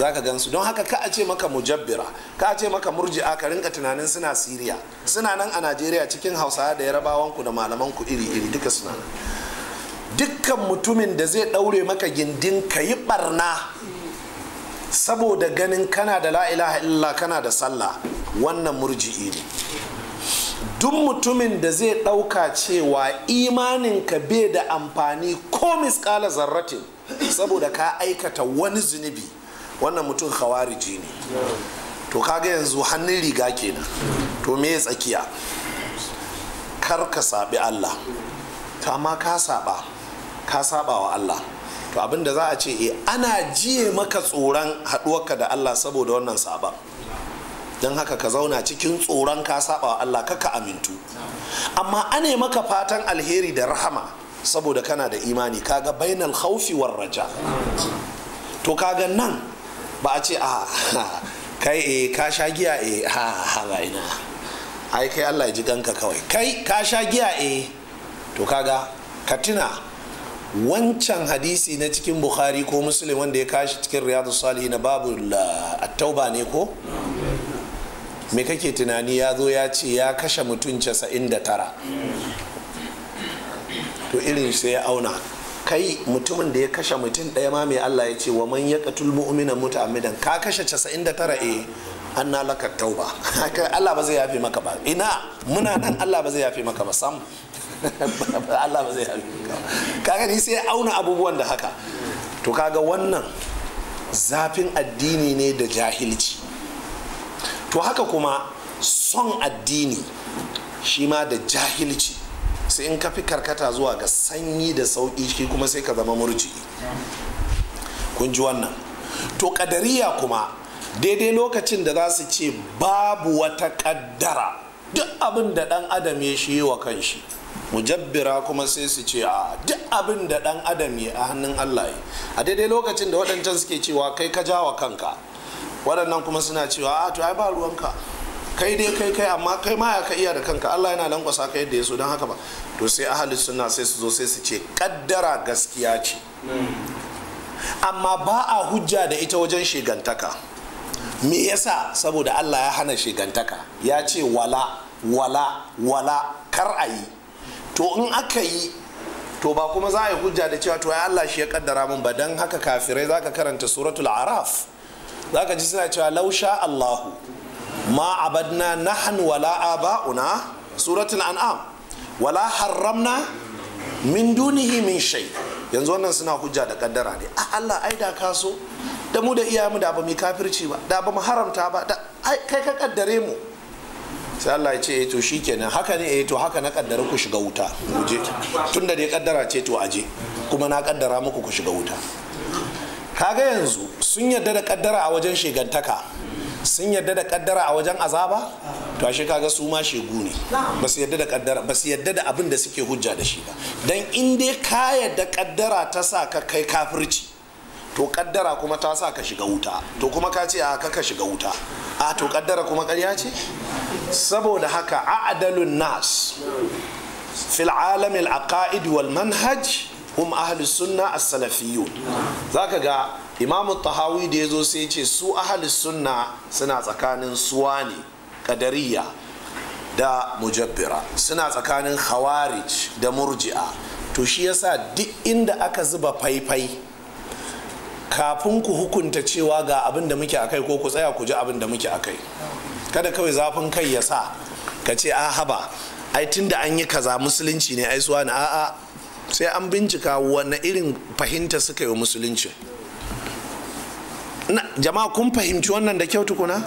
za ka gansu don haka ka a ce maka mujabbira ka a ce maka murji'a ka rinka tunanin suna siriya suna nan a najeriya cikin hausawa da yarabawanku da malamanku iri-iri duka suna dukkan mutumin da zai ɗaure maka gindin ka yi barna saboda ganin kana da la'ilaha illa kana da sallah wannan murji ne duk mutumin da zai ɗauka cewa imanin ka bai da amfani ko miskala zarratin saboda ka aikata wani zunubi wannan mutum khawariji ne to kaga yanzu hannun riga kenan to me tsakiya kar ka saɓi Allah to amma ka saɓa ka saɓa wa Allah to abin da za a ce e ana jiye maka tsoron haɗuwarka da Allah saboda wannan saɓa don haka ka zauna cikin tsoron ka saɓa wa Allah ka amintu amma ane maka fatan alheri da rahama saboda kana da imani kaga bainal haufiwar war raja to kaga nan ba a ce a ah, kai e ka sha giya e ha ha ga ina ai kai Allah ya ji ganka kawai kai ka sha giya e to kaga ka tuna wancan hadisi na cikin bukhari ko muslim wanda ya kashi cikin riyadu salihi na babu tauba ne ko me kake tunani ya zo ya ce ya kashe mutum 99 to irin sai ya auna kai mutumin da ya kashe mutum ɗaya ma mai Allah ya ce wa man ya katul mu'mina muta'ammidan ka kashe 99 eh anna laka tauba Allah ba zai yafe maka ba ina muna nan Allah ba zai yafe maka ba sam Allah ba zai yafe maka ka ni sai auna abubuwan da haka to kaga wannan zafin addini ne da jahilci to haka kuma son addini shi ma da jahilci sai in ka fi karkata zuwa ga sanyi da sauƙi shi kuma sai ka zama murci. kun ji wannan to kadariya kuma daidai lokacin da za su ce babu wata kaddara duk abin da ɗan adam ya shi wa kanshi mujabbira kuma sai su ce a duk abin da ɗan adam ya a hannun allah ya a daidai lokacin da waɗancan suke cewa kai ka ja wa kanka waɗannan kuma suna cewa a to ai ba ruwanka kai dai kai kai amma kai ma ya ka iya da kanka Allah yana lankwasa ka yadda ya so don haka ba to sai ahli suna sai su zo sai su ce kaddara gaskiya ce amma ba a hujja da ita wajen shigantaka me yasa saboda allah ya hana shigantaka ya ce wala wala wala kar a yi to in aka yi to ba kuma za a yi hujja da cewa to ya allah shi ya kaddara min ba don haka kafirai za ka karanta suratul araf za ka ji suna cewa lausha allahu ma abadna nahan wala aba'una suratul an'am wala haramna min dunihi min shai yanzu wannan suna hujja da kaddara ne a Allah ai da ka so da mu da iyamu da ba mu kafirci ba da ba mu haramta ba da kai ka kaddare mu sai Allah ya ce eh, to shikenan haka ne eh to haka na kaddara ku shiga wuta guje tunda dai kaddara ce to aje kuma na kaddara muku ku shiga wuta kaga yanzu sun yarda da kaddara a wajen shegantaka sun yadda da kaddara a wajen azaba to ashe kaga su ma shegu ne ba su yadda da kaddara abin da suke hujja da shi ba dan in dai ka yadda kaddara ta sa ka kai kafirci to kaddara kuma ta sa ka shiga wuta to kuma ka ce a ka shiga wuta a to kaddara kuma karya ce saboda haka a'adalun nas fil alamil aqaid wal manhaj hum ahlus sunna as-salafiyyun zaka ga imamu tahawi da ya zo sai ce su ahalis sunna suna tsakanin Suwani, kadariya da mujabbira suna tsakanin khawarij da murji'a to shi yasa duk inda aka zuba faifai kafin ku hukunta cewa ga abin da muke akai ko ku tsaya ku ji abin da muke akai kada kawai zafin kai ya sa ka ce a ah, haba ai da an yi kaza musulunci ne ai suwa a'a sai an bincika wani irin fahimta suka yi musulunci jama'a kun fahimci wannan da kyau tukuna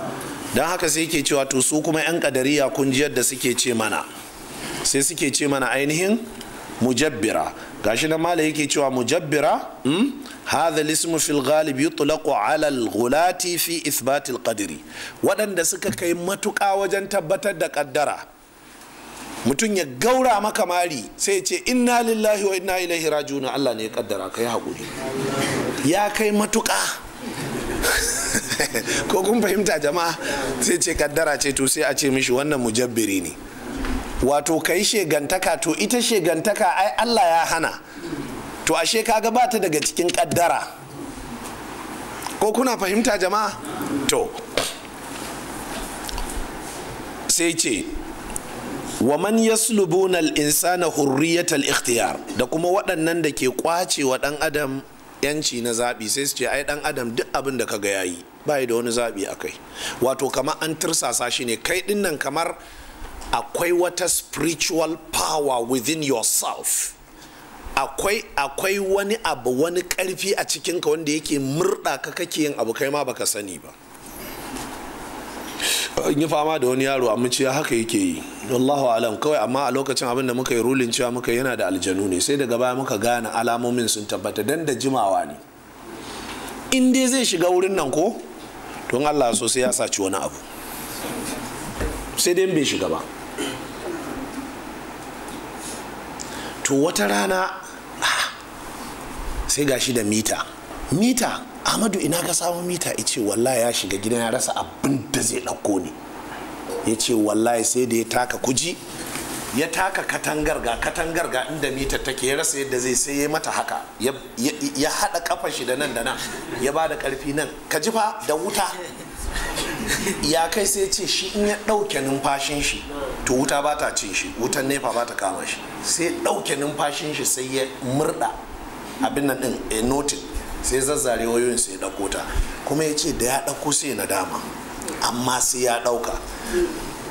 don haka sai ke cewa to su kuma 'yan kadariya kun ji yadda suke ce mana sai suke ce mana ainihin mujabbira gashi na mala yake cewa mujabbira hmm, hadha ismu fil ghalib yutlaqu ala al ghulati fi ithbat al qadri waɗanda suka kai matuka wajen tabbatar da kaddara mutum ya gaura maka mari sai ya ce inna lillahi wa inna ilaihi rajiun Allah ne ya kaddara kai hakuri ya kai matuka. ko kun fahimta jama'a sai ce kaddara ce to sai a ce mishi wannan mujabbiri ne wato ka yi shegantaka to ita shegantaka ai allah ya hana to ashe ka ba ta daga cikin kaddara ko kuna fahimta jama'a to sai ce wa man yaslubuna al-insana hurriyatal ikhtiyar da kuma waɗannan da ke kwace wa ɗan adam yanci na zaɓi sai su ce ai dan adam duk abin da kaga yayi ba da wani zaɓi a kai wato kamar an tirsasa shi ne kai din nan kamar akwai wata spiritual power within yourself akwai akwai wani abu wani karfi a cikinka wanda yake murɗa ka kake yin abu kai ma baka sani ba in yi fama da wani yaro amma ciya haka yake yi wallahu alam kawai amma a lokacin abin da muka yi rulin cewa muka yana da aljanu ne sai daga baya muka gane alamomin sun tabbata dan da jimawa ne in dai zai shiga wurin nan ko don Allah so sai ya saci wani abu sai dai bai shiga ba to wata rana sai gashi da mita mita ahmadu ina ka samu mita ya ce wallahi ya shiga gidan ya rasa abin da zai ɗauko ne ya ce wallahi sai da ya taka kuji ya taka katangar ga katangar ga inda mita take ya rasa yadda zai sai ya mata haka ya haɗa kafa shi da nan da nan ya ba da ƙarfi nan ka ji fa da wuta ya kai sai ce shi in ya ɗauke numfashin shi to wuta ba ta cin shi wutan nefa ba ta kama shi sai ɗauke numfashin shi sai ya murɗa abin nan ɗin eh, notin sai zazzare wayoyin sai ɗauko ta kuma ya ce da ya ɗauko sai na dama amma sai ya ɗauka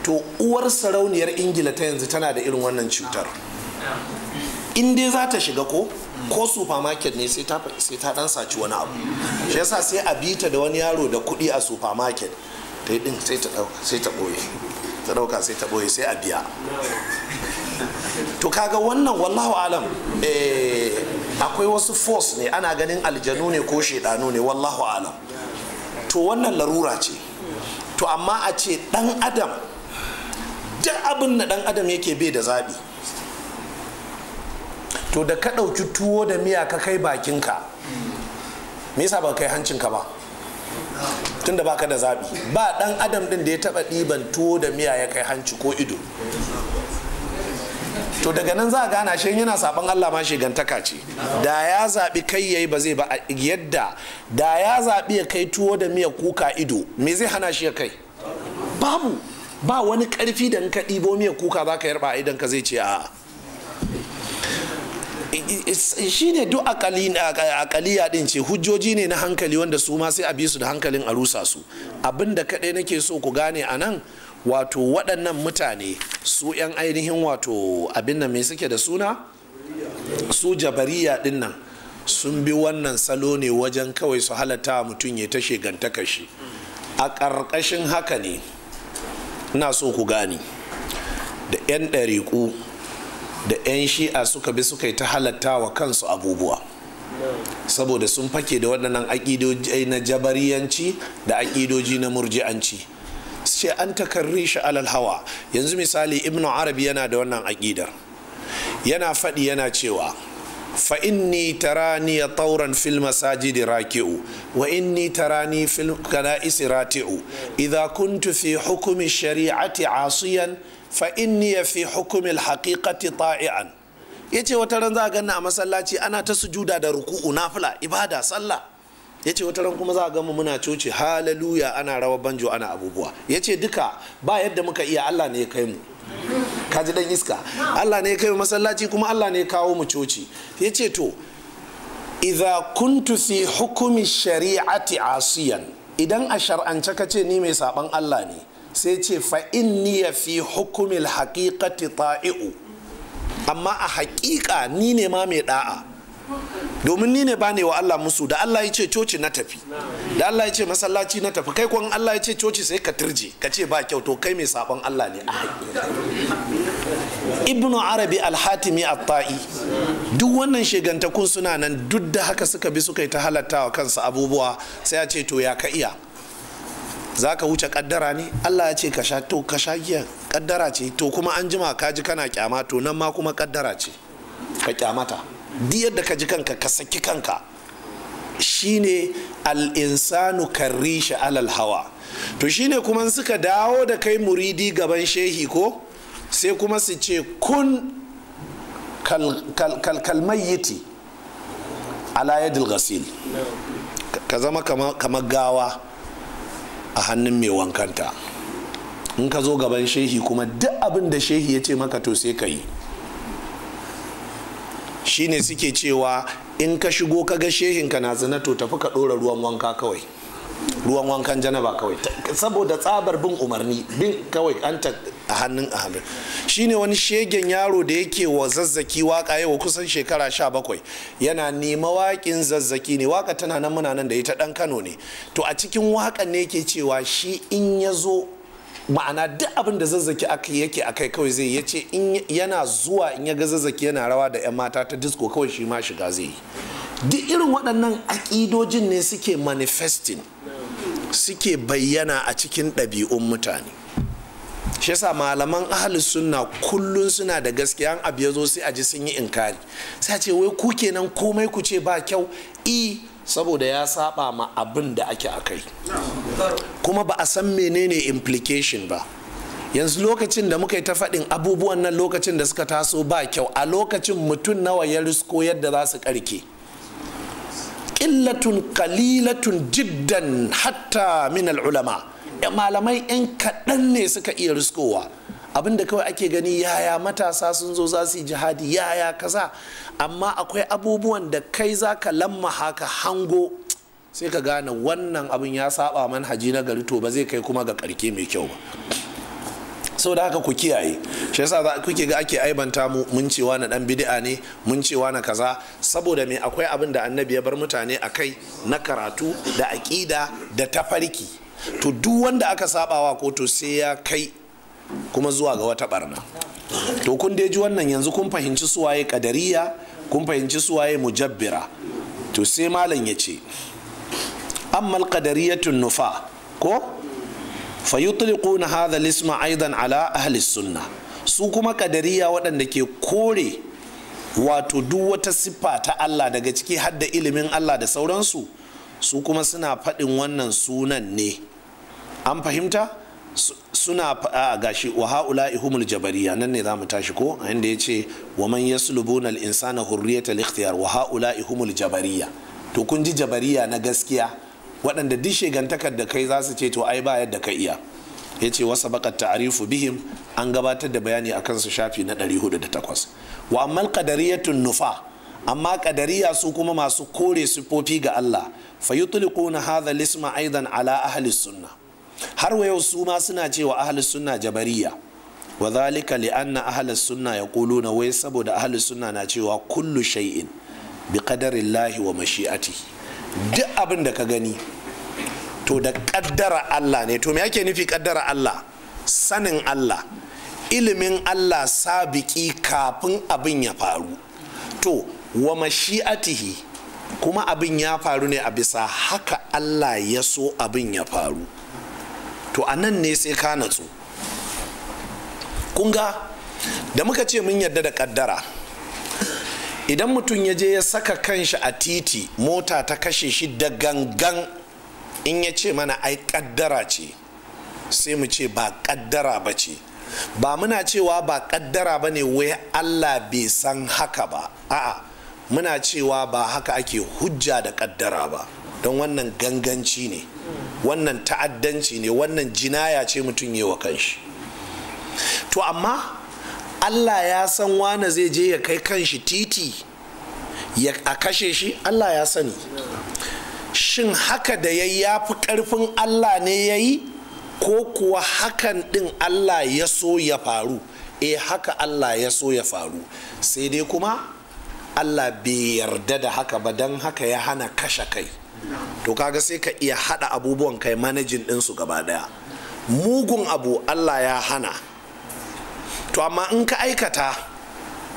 to uwar sarauniyar ingila ta yanzu tana da irin wannan cutar in dai za ta shiga ko ko supermarket ne sai ta dan saci wani abu shi yasa sai a bita da wani yaro da kuɗi a supermarket ta yi din sai ta ɗauka sai ta ɓoye sai ta ɓoye sai a biya to kaga wannan wallahu alam eh, akwai wasu force ne ana ganin aljanu ne ko shedanu ne wallahu alam to wannan larura ce to amma a ce dan adam duk abin da dan adam yake bai da zaɓi to da ka ɗauki tuwo da miya ka kai bakinka me yasa ba kai hancinka ba tunda baka da zabi ba ɗan adam ɗin da ya taɓa ɗiban tuwo da miya ya kai hanci ko ido to daga nan za a gana shi yana saban Allah ma shigantaka ce da ya zaɓi kai yayi ba zai ba yadda da ya zaɓi ya kai tuwo da miya kuka ido me zai hana shi ya kai babu ba wani ƙarfi da ka ɗibo miya kuka za ka yarba idan ka zai ce a shi ne duk akaliya din ce hujjoji ne na hankali wanda su ma sai a bi su da hankalin a rusa su abin da kaɗai nake so ku gane a nan wato waɗannan mutane su 'yan ainihin wato abin nan mai suke da suna su jabariya ɗin nan sun bi wannan salo ne wajen kawai su halatta mutum ya ta shegantaka shi a ƙarƙashin haka ne na so ku gani da 'yan ɗariƙu da 'yan shi'a suka bi suka yi ta halatta wa kansu abubuwa saboda sun fake da waɗannan aƙidoji eh, na jabariyanci da aƙidoji na murji'anci su an takarri shi alal hawa yanzu misali ibnu arabi yana da wannan aƙidar yana faɗi yana cewa fa inni tarani ya tauran fil masajidi raki'u wa inni tarani fil kana'isi rati'u idza kuntu fi hukumi shari'ati asiyan fa inni ya fi hukumi alhaqiqati ta'ian yace wata ran za a ganna a masallaci ana ta sujuda da ruku'u nafila ibada sallah ya ce wataran kuma za a gama muna coci halaluya ana rawa banjo ana abubuwa ya ce duka ba yadda muka iya allah ne ya kai mu kaji dan iska allah ne ya kai mu masallaci kuma allah ne ya kawo mu coci ya ce to idza kuntu fi hukumi shari'ati asiyan idan a shar'ance ka ce ni mai saban allah ne sai ce fa inni fi hukumil haqiqati ta'i'u amma a haƙiƙa ni ne ma mai da'a domin ni ne bane wa Allah musu da Allah ya ce coci na tafi da Allah ya ce masallaci na tafi kai kun Allah ya ce coci sai ka turje ka ce ba kyau to kai mai sabon Allah ne a ibnu arabi al-hatimi at-ta'i duk wannan shegantakun suna nan duk da haka suka bi suka yi ta halatta wa kansu abubuwa sai ya ce to ya ka iya za ka wuce kaddara ne Allah ya ce ka sha to ka sha giya kaddara ce to kuma an jima ka ji kana kyama to nan ma kuma kaddara ce ka kyamata Di yadda ka ji kanka ka saki kanka shine al'insanu karrisha alal hawa to shine kuma suka dawo da kai muridi gaban shehi ko sai kuma su ce kun kalmayyiti ala yadil ghasil ka zama kamar gawa a hannun mai wankanta in ka zo gaban shehi kuma duk abin da shehi ya ce maka to sai ka yi shine suke cewa in ka shigo ka ga shehin ka na zina to tafi ka ɗora ruwan wanka kawai ruwan wankan janaba kawai saboda tsabar bin umarni bin kawai an ta a hannun Shi shine wani shegen yaro da yake wa zazzaki waka yau kusan shekara sha bakwai yana nema waƙin zazzaki ne waka tana nan muna nan da ita ɗan kano ne to a cikin waƙan ne yake cewa shi in ya zo ma'ana duk abin da zazzaki aka yake kai kawai zai yace in yana zuwa in ya ga zazzaki yana rawa da yan mata ta disco kawai shi ma shiga zai yi duk irin waɗannan aƙidojin ne suke manifesting suke bayyana a cikin ɗabi'un mutane shi yasa malaman ahli sunna kullun suna da gaskiya abu ya zo sai a ji sun yi inkari sai a ce wai ku kenan komai ku ce ba kyau i e, saboda ya saba ma abin da ake a kai kuma ba a san menene implication ba yanzu lokacin da muka yi ta faɗin abubuwan nan lokacin da suka taso ba kyau a lokacin mutum nawa ya risko yadda za su ƙarke ƙillatun ƙalilatun jiddan hatta min al'ulama malamai 'yan kaɗan ne suka iya riskowa da kawai ake gani yaya matasa sun zo za su yi jihadi yaya kaza amma akwai abubuwan da kai za ka lamma haka hango sai ka gane wannan abin ya saba manhaji na gari to ba zai kai kuma ga karke mai kyau ba sau da haka ku kiyaye shi yasa kuke ga ake aibanta mu mun cewa na dan bid'a ne mun cewa na kaza saboda me akwai abin da annabi ya bar mutane a kai na karatu da aƙida da tafarki to duk wanda aka sabawa ko to sai ya kai kuma zuwa ga wata barna to kun ji wannan yanzu kun fahimci suwaye kadariya kun fahimci suwaye mujabbira to sai malam ya ce ammal qadariyatun nufa ko fa yutliquna hadha al-isma aidan ala ahli sunna. su kuma kadariya waɗanda ke kore wato duk wata siffa ta Allah daga ciki hadda ilimin Allah da sauransu su kuma suna faɗin wannan sunan ne an fahimta suna a gashi wa haula ihumul jabariya nan ne za mu tashi ko a inda ya ce wa man yaslubuna al insana hurriyata ikhtiyar wa haula ihumul jabariya to kun ji jabariya na gaskiya waɗanda duk shegantakar da kai za su ce to ai ba yadda ka iya ya ce wasa bakar ta'arifu bihim an gabatar da bayani a kansu shafi na 408 wa ammal kadariyatun nufa amma kadariya su kuma masu kore sifofi ga Allah fa yutliquna hadha lisma aidan ala ahli sunna har wa yau su ma suna cewa ahli sunna jabariya wa zalika li anna ya sunna yaquluna wai saboda ahlus sunna na cewa kullu shay'in bi qadarillahi wa mashi'ati duk abin da ka gani to da kaddara Allah ne to me ake nufi kaddara Allah sanin Allah ilimin Allah sabiki kafin abin ya faru to wa mashi'atihi kuma abin ya faru ne a bisa haka Allah ya so abin ya faru to a nan ne sai ka natsu kunga da muka ce mun yadda da kaddara idan mutum ya je ya saka kanshi a titi mota ta kashe shi da gangan in ya ce mana ai kaddara ce sai mu ce ba kaddara ba ce ba muna cewa ba kaddara ba ne wai allah bai san haka ba a'a muna cewa ba haka ake hujja da kaddara ba don wannan ganganci ne wannan ta'addanci ne wannan jinaya ce mutum yi wa kanshi to amma allah ya san wane zai je ya kai kanshi titi ya a kashe shi allah ya sani shin haka da ya ya fi karfin allah ne ya yi ko kuwa hakan din allah ya so ya faru e haka allah ya so ya faru sai dai kuma allah bai yarda da haka ba don haka ya hana kashe kai to kaga sai ka iya hada abubuwan kai manajin ɗinsu gaba daya mugun abu allah ya hana to amma in ka aikata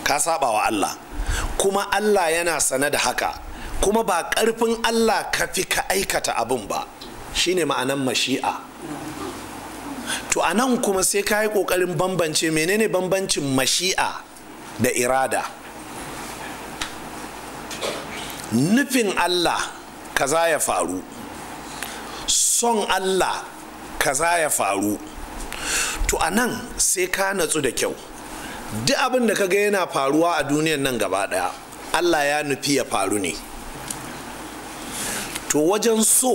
ka saba wa allah kuma allah yana sane da haka kuma ba ƙarfin allah ka fi ka aikata abin ba shine ma'anan mashi'a to a nan kuma sai ka yi ƙoƙarin bambance menene bambancin mashi'a da irada nufin allah kaza ya faru son allah kaza ya faru to a nan sai ka natsu da kyau duk abin da ka ga yana faruwa a duniyan nan gaba daya allah ya nufi ya faru ne to wajen so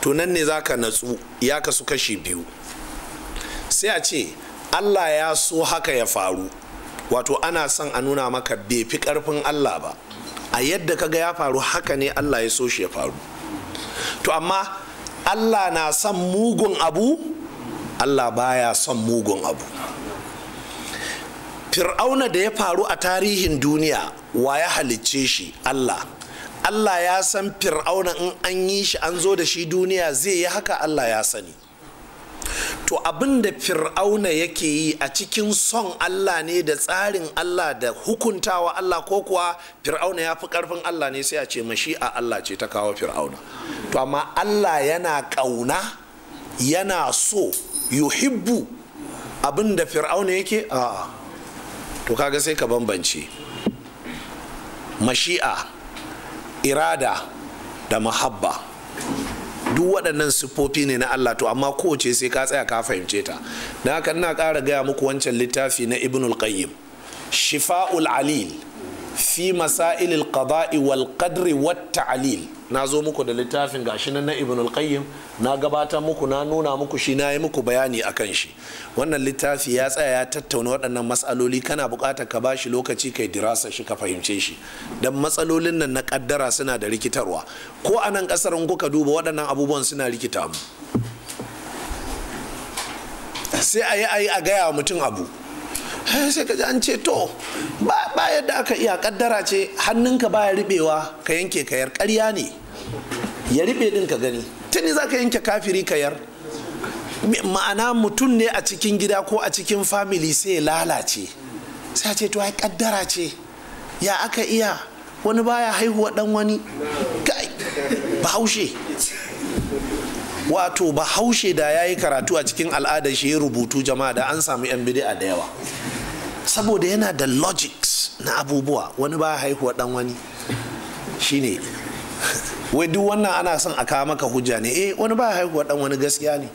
to nan ne za ka natsu ya kasu kashi biyu sai a ce allah ya so haka ya faru wato ana son a nuna maka bai fi karfin allah ba a yadda kaga ya faru haka ne allah ya so shi ya faru to amma allah na son mugun abu allah baya son mugun abu fir'auna da ya faru a tarihin duniya wa ya halicce shi allah allah ya san fir'auna in an yi shi an zo da shi duniya zai yi haka allah ya sani to abin da fir'auna yake yi a cikin son allah ne da tsarin allah da hukuntawa allah ko kuwa fir'auna ya fi karfin allah ne sai a ce mashi'a allah ce ta kawo fir'auna to amma allah yana ƙauna yana so yuhibbu abinda fir'auna yake a to kaga sai ka bambance mashi'a irada da mahabba duk waɗannan siffofi ne na Allah to amma kowace sai ka tsaya ka fahimce ta na kan na ƙara gaya muku wancan littafi na ibnul qayyim shifa'ul alil fi masailil qada'i wal qadri wat ta'lil na zo muku da littafin gashi na ibn al-qayyim na gabatar muku na nuna muku shi na yi muku bayani akan shi wannan littafi ya tsaya ya tattauna waɗannan matsaloli kana buƙatar ka bashi lokaci kai dirasa shi ka fahimce shi dan matsalolin nan na kaddara suna da rikitarwa ko a nan ƙasar in kuka duba waɗannan abubuwan suna rikita mu sai a yi a gaya mutum abu Eh, sai ka ji an ce to ba yadda aka iya kaddara ce hannunka baya ribewa ka yanke kayar karya ne ya ribe din ka gani tuni za ka yanke kafiri kayar ma'ana mutum ne a cikin gida ko a cikin family sai ya lalace sai ce to ai kaddara ce ya aka iya wani baya haihuwa dan wani kai bahaushe wato bahaushe da ya yi karatu a cikin al'adar shi ya rubutu jama'a da an samu yan bidi'a da yawa saboda yana da logics na abubuwa wani ba haihuwa dan wani shine wai duk wannan ana son a kawo maka hujja ne eh wani ba haihuwa dan wani gaskiya ne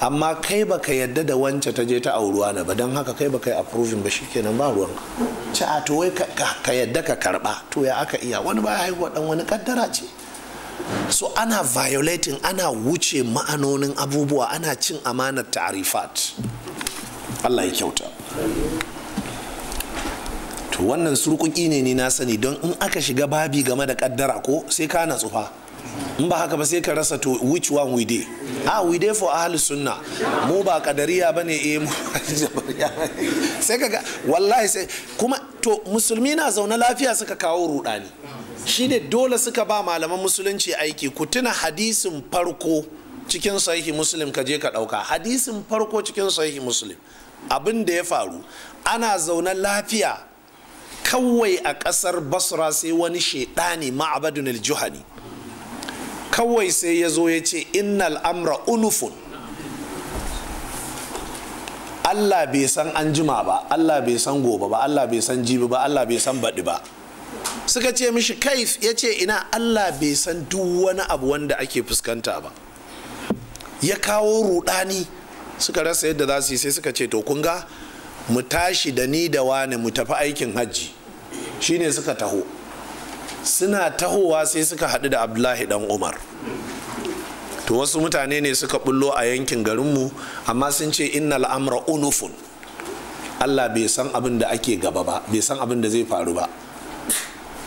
amma kai baka yadda da wancan ta je ta auruwa na ba don haka kai baka yi approving ba shikenan ba ruwan ci a to wai ka yadda ka karba to ya aka iya wani ba haihuwa dan wani kaddara ce so ana violating ana wuce ma'anonin abubuwa ana cin amanar ta'arifat Allah ya kyauta to wannan surkuki ne ni na sani don in aka shiga babi game da kaddara ko sai ka na tsufa in ba haka ba sai ka rasa to which one we dey ah we dey for ahli sunna mu ba kadariya bane eh mu sai kaga wallahi sai kuma to musulmi na zauna lafiya suka kawo rudani shi ne dole suka ba malaman musulunci aiki ku tuna hadisin farko cikin sahihi muslim ka je ka dauka hadisin farko cikin sahihi muslim abin da ya faru ana zaune lafiya kawai a ƙasar basra sai wani shaidani ma'abadun al kawai sai ya zo ya ce innal amra unufun Allah bai san an jima ba Allah bai san gobe ba Allah bai san jibi ba Allah bai san baɗi ba suka ce mishi kaif ya ce ina Allah bai san duk wani abu wanda ake fuskanta ba ya kawo rudani suka rasa yadda za su yi sai suka ce to kun ga mu tashi da ni da wane mu tafi aikin hajji shine suka taho suna tahowa sai suka haɗu da abdullahi dan umar to wasu mutane ne suka bullo a yankin garinmu amma sun ce inna al'amra unufun allah bai san abin da ake gaba ba bai san abin da zai faru ba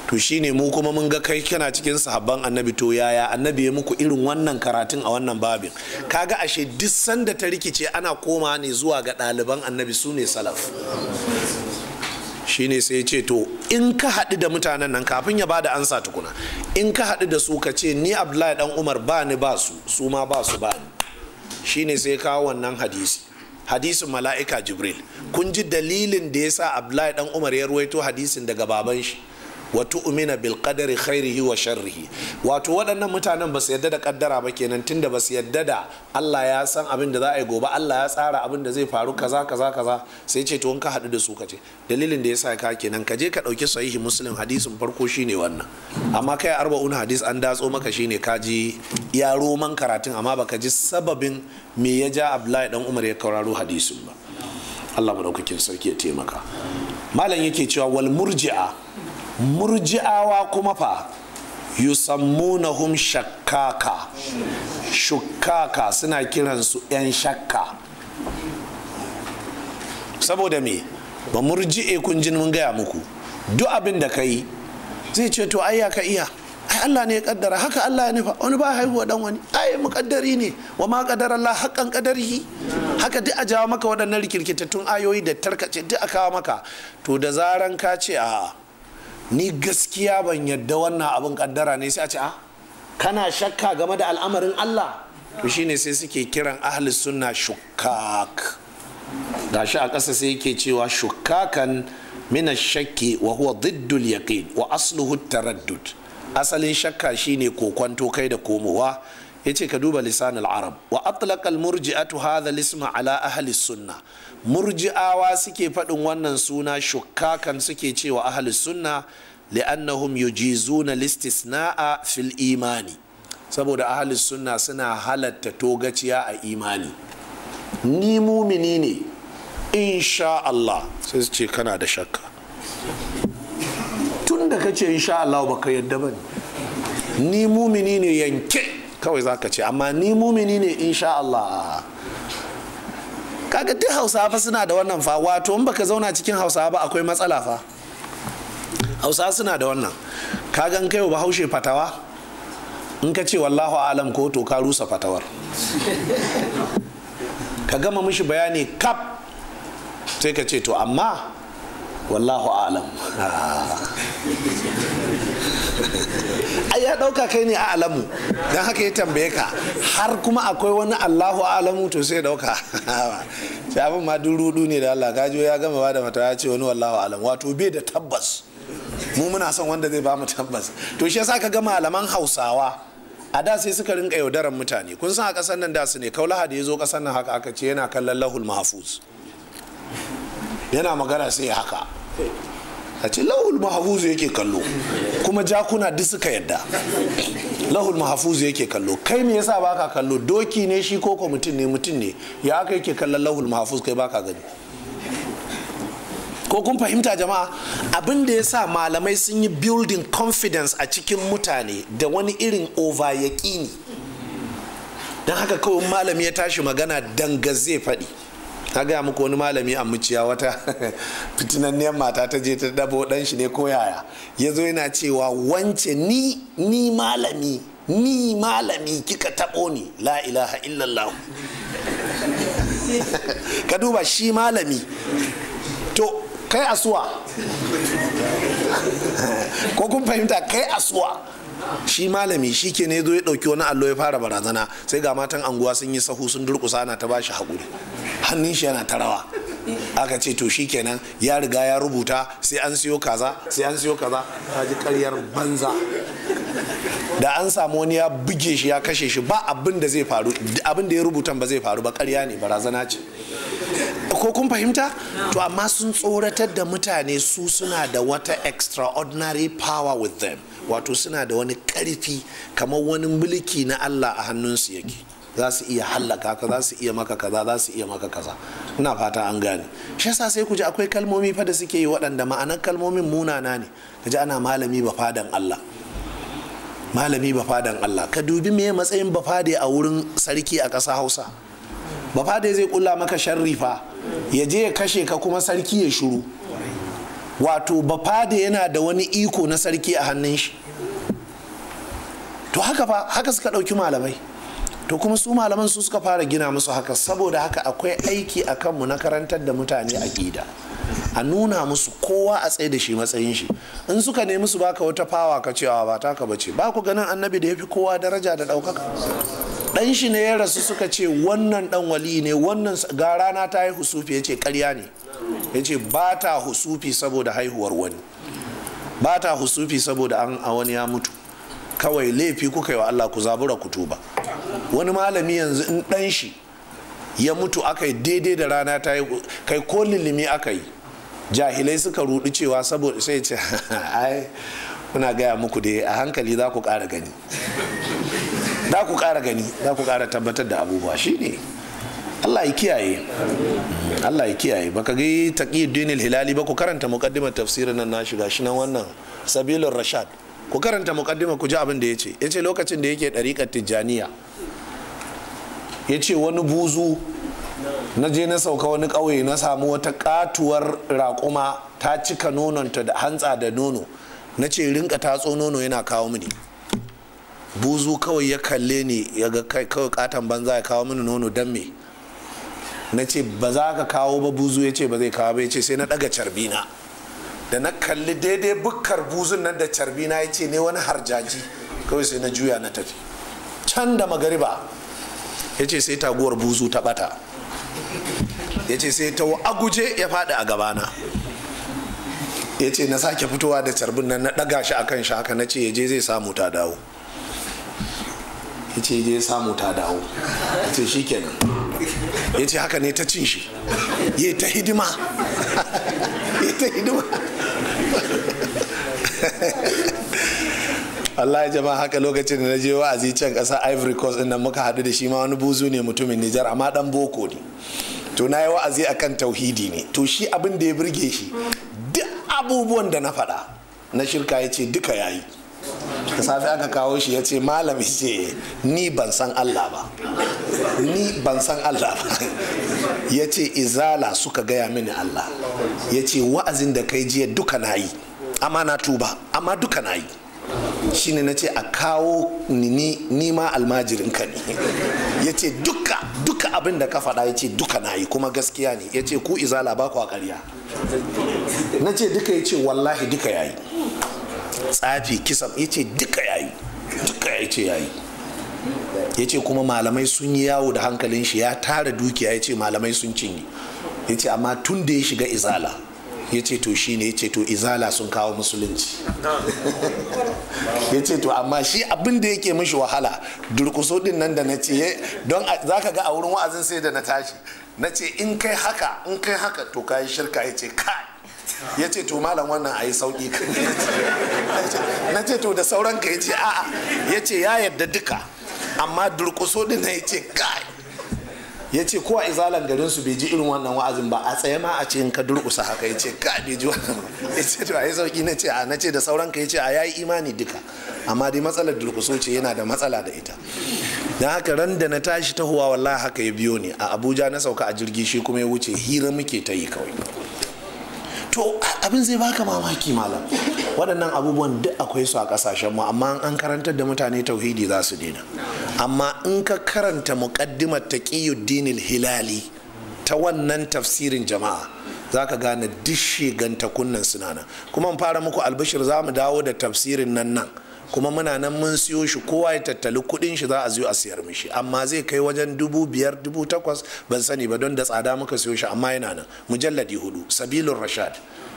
to shine mu kuma mun ga kai kana cikin sahabban annabi to yaya annabi ya muku irin wannan karatun a wannan babin kaga ashe duk sanda ta rikice ana koma ne zuwa ga ɗaliban annabi su ne salaf shine sai ce to in ka haɗu da mutanen nan kafin ya bada ansa tukuna in ka haɗu da su ka ce ni abdullahi dan umar ba ni ba su su ma ba su ba ni shine sai kawo wannan hadisi hadisin mala'ika jibril kun ji dalilin da ya sa abdullahi dan umar ya ruwaito hadisin daga baban shi Watu umina bil kadari khairihi wa sharrihi wato waɗannan mutanen ba su yadda da kaddara ba kenan tunda ba su yadda da Allah ya san abin da za a yi gobe Allah ya tsara abin da zai faru kaza kaza kaza sai ce to in ka haɗu da su ka ce dalilin da ya sa ka kenan ka je ka ɗauki sahihi muslim hadisin farko shine wannan amma kai arba'un hadis an datso maka shine ka ji ya roman karatun amma baka ji sababin me ya ja Abdullahi dan Umar ya kauraro hadisin ba Allah madaukakin sarki ya taimaka malam yake cewa wal murji'a murji'awa kuma fa yusammunahum shakkaka shukkaka suna kiransu 'yan shakka saboda me ba murji'e kun jin mun gaya muku duk abin da ka yi zai ce to ai ka iya ai Allah ne ya kaddara haka Allah ya nufa wani ba haihuwa dan wani ai kaddari ne wa ma kaddara Allah haqqan qadarihi haka duk a jawo maka waɗannan rikirkitattun ayoyi da tarkace duk a kawo maka to da zaran ka ce a ni gaskiya ban yadda wannan abin kaddara ne sai a ce a ah, kana shakka game da al'amarin Allah to shine sai suke kiran ahli sunna shukak gashi a ƙasa sai yake cewa shukakan mina shakki wa huwa diddul yaqin wa asluhu taraddud asalin shakka shine kokwanto kai da komowa yace ka duba lisan arab wa atlaqa al-murji'atu hadha al-isma ala ahli sunna murji'awa suke faɗin wannan suna shukkakan suke cewa ahli sunna li'annahum yujizuna listisna'a fil imani saboda ahli sunna suna halatta togaciya a imani ni mumini ne insha Allah sai su ce kana da shakka tun da kace insha Allah baka yadda bane ni mumini ne yanke kawai za ka ce amma ni mumini ne insha Allah kaga duk hausawa fa suna da wannan fa wato in baka zauna cikin hausawa ba akwai matsala fa hausawa suna da wannan kaga in ba bahaushe fatawa in ka ce wallahu alam ko to ka rusa fatawar ka gama mishi bayani kap sai ka ce to amma wallahu alam ai ya dauka kai ne a alamu don haka ya tambaye ka har kuma akwai wani allahu alamu to sai dauka ma duk rudu ne da allah kajo ya gama ba da mata ya ce wani wallahu alam wato bai da tabbas mu muna son wanda zai ba mu tabbas to shi yasa ka ga malaman hausawa a da sai suka rinka yaudaran mutane kun san a kasar nan da su ne kaulaha da ya zo kasar nan haka aka ce yana kallon lahul mahfuz yana magana sai haka a ce lahul mahafuzu yake kallo kuma jakuna duk suka yadda lahul mahafuzu yake kallo kai me yasa baka kallo doki ne shi ko ko mutum ne mutum ne ya aka yake kallon lahul mahafuz kai baka gani ko kun fahimta jama'a abin da yasa malamai sun yi building confidence a cikin mutane da wani irin over yaƙini don haka kawai malami ya tashi magana danga zai faɗi ta gaya muku wani malami a muciya wata fitinanniyar mata ta je ta dabo dan shi ne ko yaya ya zo yana cewa wance ni ni malami ni malami kika tabo ni la ilaha illallah ka duba shi malami to kai asuwa ko kun fahimta kai asuwa shi malami shi ke ne zo ya ɗauki wani allo ya fara barazana sai ga matan anguwa sun yi sahu sun durkusa ana ta bashi haƙuri hannun shi yana ta rawa aka ce to shi kenan ya riga ya rubuta sai an siyo kaza sai an siyo kaza ta ji karyar banza da an samu wani ya buge shi ya kashe shi ba abin da zai faru abin da ya rubuta ba zai faru ba karya ne barazana ce ko kun fahimta to amma sun tsoratar da mutane su suna da wata extraordinary power with them wato suna da wani karfi kamar wani mulki na Allah a hannunsu yake za su iya hallaka ka za su iya maka kaza za su iya maka kaza ina fata an gane shi yasa sai ku ji akwai kalmomi fa da suke yi waɗanda ma'anar kalmomin munana ne ka ji ana malami ba fadan Allah malami ba fadan Allah ka dubi me matsayin ba fade a wurin sarki a ƙasa Hausa ba zai kulla maka sharrifa ya je ya kashe ka kuma sarki ya shuru wato ba fada yana da wani iko na sarki a hannun shi to haka fa haka suka ɗauki malamai to kuma su malaman su suka fara gina musu haka saboda haka akwai aiki a kanmu na karantar da mutane a gida, a nuna musu kowa a tsaye da shi matsayin shi in suka nemi su baka wata fawa ka cewa ba taka bace ba ku ganin annabi da ya fi kowa daraja da ɗaukaka dan shi ne ya rasu suka ce wannan dan wali ne wannan gara na ta haihu husufi ya ce karya ne ya ce ba ta husufi saboda haihuwar wani ba ta husufi saboda an a wani ya mutu kawai laifi kuka yi wa Allah ku zabura ku tuba wani malami yanzu in dan shi ya mutu aka yi daidai da rana ta yi kai ko lilimi aka yi jahilai suka rudu cewa saboda sai ce ai muna gaya muku dai a hankali za ku ƙara gani za ku ƙara gani za ku ƙara tabbatar da abubuwa shine Allah ya kiyaye Allah ya kiyaye baka ga taqiyuddin hilali ba ku karanta muqaddimat tafsirin nan na shiga shi nan wannan sabilur rashad ku karanta mukaddima ku ji abin da ya ce ya ce lokacin da yake ɗariƙar tijjaniya ya ce wani buzu na je na sauka wani ƙauye na samu wata katuwar raƙuma ta cika nononta da hantsa da nono na ce rinka tatso nono yana kawo mini buzu kawai ya kalle ni ya ga kai kawai katon banza ya kawo mini nono don me na ce ba za ka kawo ba buzu ya ce ba zai kawo ba ya ce sai na ɗaga carbina da na kalli daidai bukkar buzun nan da carbi na yace ce ne wani harjaji kawai sai na juya na tafi can da magariba ya ce sai taguwar buzu ta bata ya ce sai ta aguje ya faɗi a gabana ya ce na sake fitowa da carbin nan na daga shi akan shi haka na ce ya je zai samu ta dawo ya ce je samu ta dawo ya ce shi kenan ya ce haka ne ta cin shi ya ta hidima ya ta hidima Allah ya jama'a haka lokacin da na je wa'azi can ƙasa Ivory Coast inda muka haɗu da shi ma wani buzu ne mutumin Nijar amma dan boko ne to na yi wa'azi akan tauhidi ne to shi abin da ya burge shi duk abubuwan da na faɗa na shirka ya ce duka yayi da safe aka kawo shi ya ce malam ce ni ban san Allah ba ni ban san Allah ba ya ce izala suka gaya mini Allah ya ce wa'azin da kai jiya duka na yi amma na tuba amma duka na yi shine na ce a kawo ni ma almajirin ka ne ya ce duka duka abin da ka faɗa ya ce duka na yi kuma gaskiya ne ya ce ku izala ba ku a karya na ce duka ya ce wallahi duka ya yi tsafi kisan ya ce duka yayi duka ya ce yayi ya ce kuma malamai sun yi yawo da hankalin shi ya tara dukiya ya ce malamai sun cinye ya ce amma tun da ya shiga izala ya ce to shi ne ya ce to izala sun kawo musulunci ya ce to amma shi abin da yake mishi wahala durkuso din nan da na ce don za ka ga a wurin wa'azin sai da na tashi na ce in kai haka in kai haka to kayi shirka ya ce kai ya ce to malam wannan a yi sauƙi na ce to da sauran ka ya ce a'a ya ce ya yadda duka amma durƙuso din ya ce kai ya ce kowa a izalan garin su bai ji irin wannan wa'azin ba a tsaye ma a ce in ka durƙusa haka ya ce ka bai ji wannan ya ce to a yi sauƙi na ce a na ce da sauran ka ya ce a ya yi imani duka amma dai matsalar durƙuso ce yana da matsala da ita don haka ran da na tashi tahowa wallahi haka ya biyo ni a abuja na sauka a jirgi shi kuma ya wuce hira muke ta yi kawai to abin zai baka mamaki malam waɗannan abubuwan duk akwai su a ƙasashen mu amma an karantar da mutane tauhidi za su daina amma in ka karanta muqaddimat taqiyuddin hilali ta wannan tafsirin jama'a za ka gane duk kunnan sunana kuma in fara muku albishir za mu dawo da tafsirin nan nan kuma muna nan mun siyo shi kowa ya tattali kuɗin shi za a zo a siyar mishi amma zai kai wajen dubu biyar dubu takwas ban sani ba don da tsada muka siyo shi amma yana nan mujalladi hudu sabilun rashad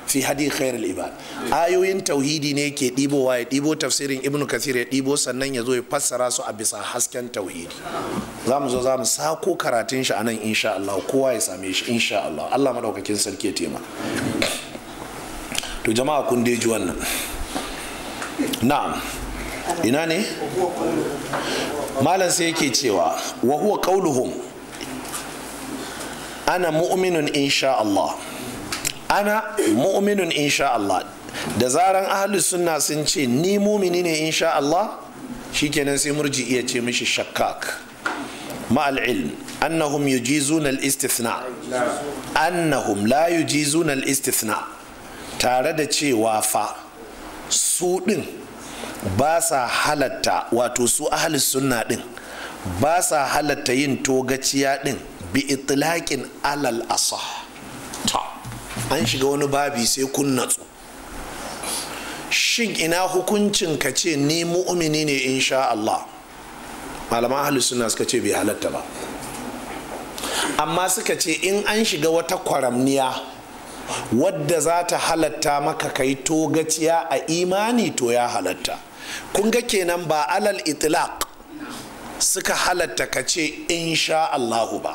fi hadi khairul ibad ayoyin tauhidi ne ke ɗibowa ya ɗibo tafsirin ibn kathir ya ɗibo sannan ya zo ya fassara su a bisa hasken tauhidi za mu zo za mu sako karatun shi a nan insha Allah kowa ya same shi insha Allah Allah madaukakin sarki ya taimaka to jama'a kun dai ji wannan na'am ina ne malam sai yake cewa wa huwa qauluhum ana mu'minun insha Allah ana mu'minun insha Allah da zaran ahlus sunna sun ce ni mumini ne insha Allah kenan sai murji iya ce mishi shakkak ma'al ilm annahum yujizuna al-istithna annahum la yujizuna al-istithna tare da cewa fa su din ba sa halatta wato su ahli sunna din ba sa halatta yin togaciya din bi itlaqin alal asah an shiga wani babi sai kun natsu shin ina hukuncin ka ce ni mu'mini ne insha Allah malaman ahli sunna suka ce bai halatta ba amma suka ce in an shiga wata kwaramniya wadda za ta halatta maka kai togaciya a imani to ya halatta kun ga kenan ba alal itlaq suka halatta ka ce insha Allahu ba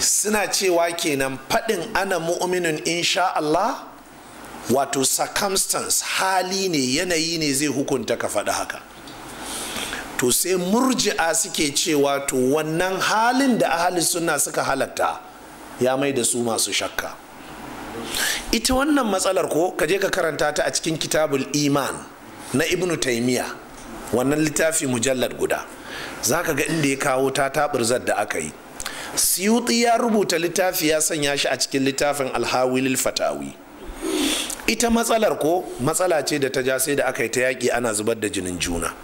suna cewa kenan faɗin ana mu'minin insha Allah wato circumstance hali ne yanayi ne zai hukunta ka faɗi haka to sai murji'a suke cewa to wannan halin da ahalin suna suka halatta ya mai da su masu shakka ita wannan matsalar ko kaje ka karanta ta a cikin kitabul iman na ibnu taimiya wannan littafi mujallar guda zaka ga inda ya kawo ta tabirzar da aka yi siyuti ya rubuta littafi ya sanya shi a cikin littafin alhawilil fatawi ita matsalar ko matsala ce da ta ja sai da aka yi ta yaƙi ana zubar da jinin juna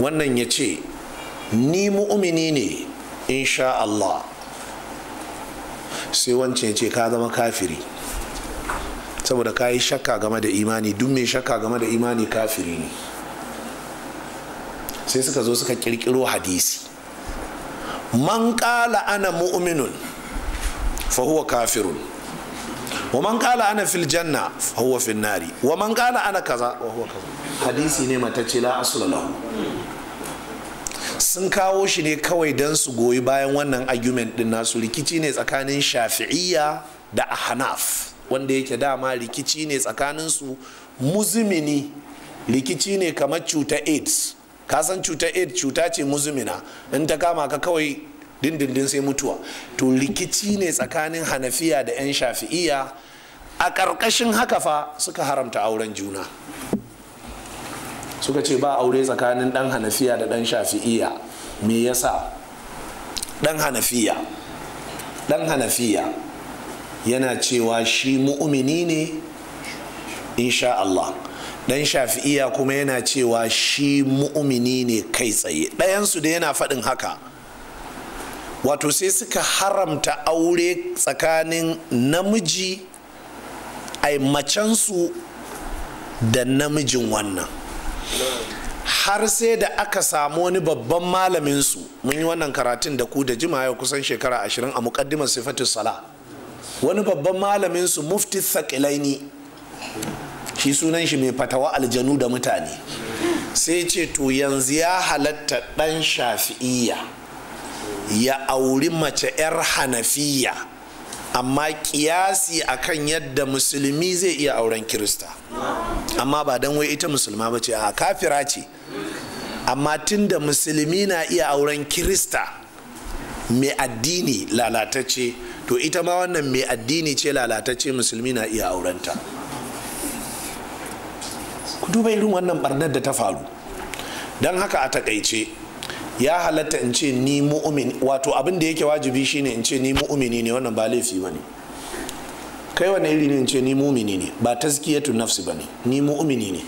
wannan ya ce ni mu'umini ne insha Allah sai wancan ya ce ka zama kafiri saboda ka yi shakka game da imani duk mai shakka game da imani kafiri ne sai suka zo suka kirkiro hadisi man kala ana mu'minun fa huwa kafirun wa man kala ana fil janna fa huwa fil nari wa man kala ana kaza wa huwa kaza hadisi ne matacce la asula lahu sun kawo shi ne kawai don su goyi bayan wannan argument din nasu rikici ne tsakanin shafi'iyya da ahnaf wanda yake dama rikici ne tsakaninsu muzumini rikici ne kamar cuta aids kasan cuta aids cuta ce muzumina in ta kama ka kawai dindindin sai mutuwa to rikici ne tsakanin hanafiya da 'yan shafi'iya a ƙarƙashin haka fa suka haramta auren juna suka ce ba aure tsakanin dan hanafiya da dan shafi'iya me yasa dan hanafiya dan hanafiya yana cewa shi mu'umini ne insha Allah dan shafi'iya kuma yana cewa shi mu'umini ne kai tsaye ɗayansu da yana faɗin haka wato sai suka haramta aure tsakanin namiji ai da namijin wannan har sai da aka samu wani babban malaminsu mun yi wannan karatun da ku da jima yau kusan shekara ashirin a mukaddimar sifatu wani babban malamin su mufti thaqilaini shi sunan shi mai fatawa aljanu da mutane sai ce to yanzu ya halatta dan shafi'iyya ya auri mace 'yar hanafiya amma kiyasi akan yadda musulmi zai iya auren kirista amma ba don wai ita musulma ba ce a kafira ce amma tunda musulmi na iya auren kirista mai addini lalatacce to ita ma wannan mai addini ce lalatacce musulmi na iya aurenta ku duba irin wannan barnar da ta faru don haka a takaice ya halatta in ce ni mu'umini wato abin da yake wajibi shine in ce ni mu'umini ne wannan ba laifi ne. kai wani iri ne in ce ni mu'mini ne ba tun nafsi ba ne. ni mu'umini ne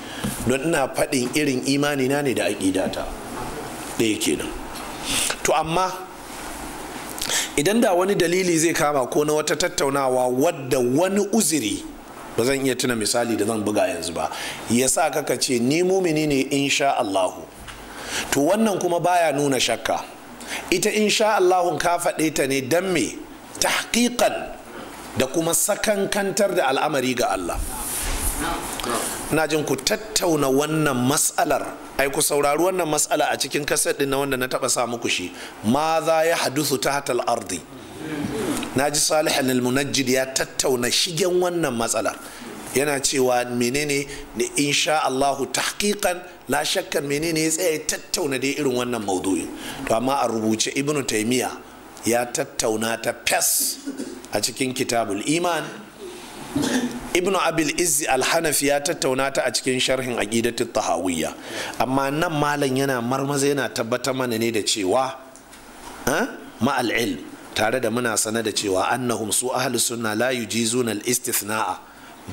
don ina faɗin irin imani na ne da aƙidata ɗaya kenan to amma idan da wani dalili zai kama ko na wata tattaunawa wadda wani uziri, ba zan iya tuna misali da zan buga yanzu ba ya sa kaka ce ni mumini ne insha Allahu to wannan kuma baya nuna shakka ita insha Allahun ka faɗe ta ne don me tahqiqan da kuma sakankantar da al'amari ga Allah na jin ku tattauna wannan matsalar ai ku saurari wannan matsala a cikin kaset din na wanda na taba sa muku shi ma za ya hadusu ta hatal ardi na ji salihan almunajjid ya tattauna shigen wannan matsalar yana cewa menene da insha Allahu tahqiqan la shakkan menene ya tsaye tattauna dai irin wannan maudu'i to amma a rubuce ibnu taymiya ya tattauna ta fes a cikin kitabul iman ibn abil izzi alhanafi ya tattauna ta a cikin sharhin aqidatu tahawiyya amma nan malam yana marmaza yana tabbata mana ne da cewa ma ilm tare da muna sanar da cewa annahum su ahli sunna la yujizuna al istithna'a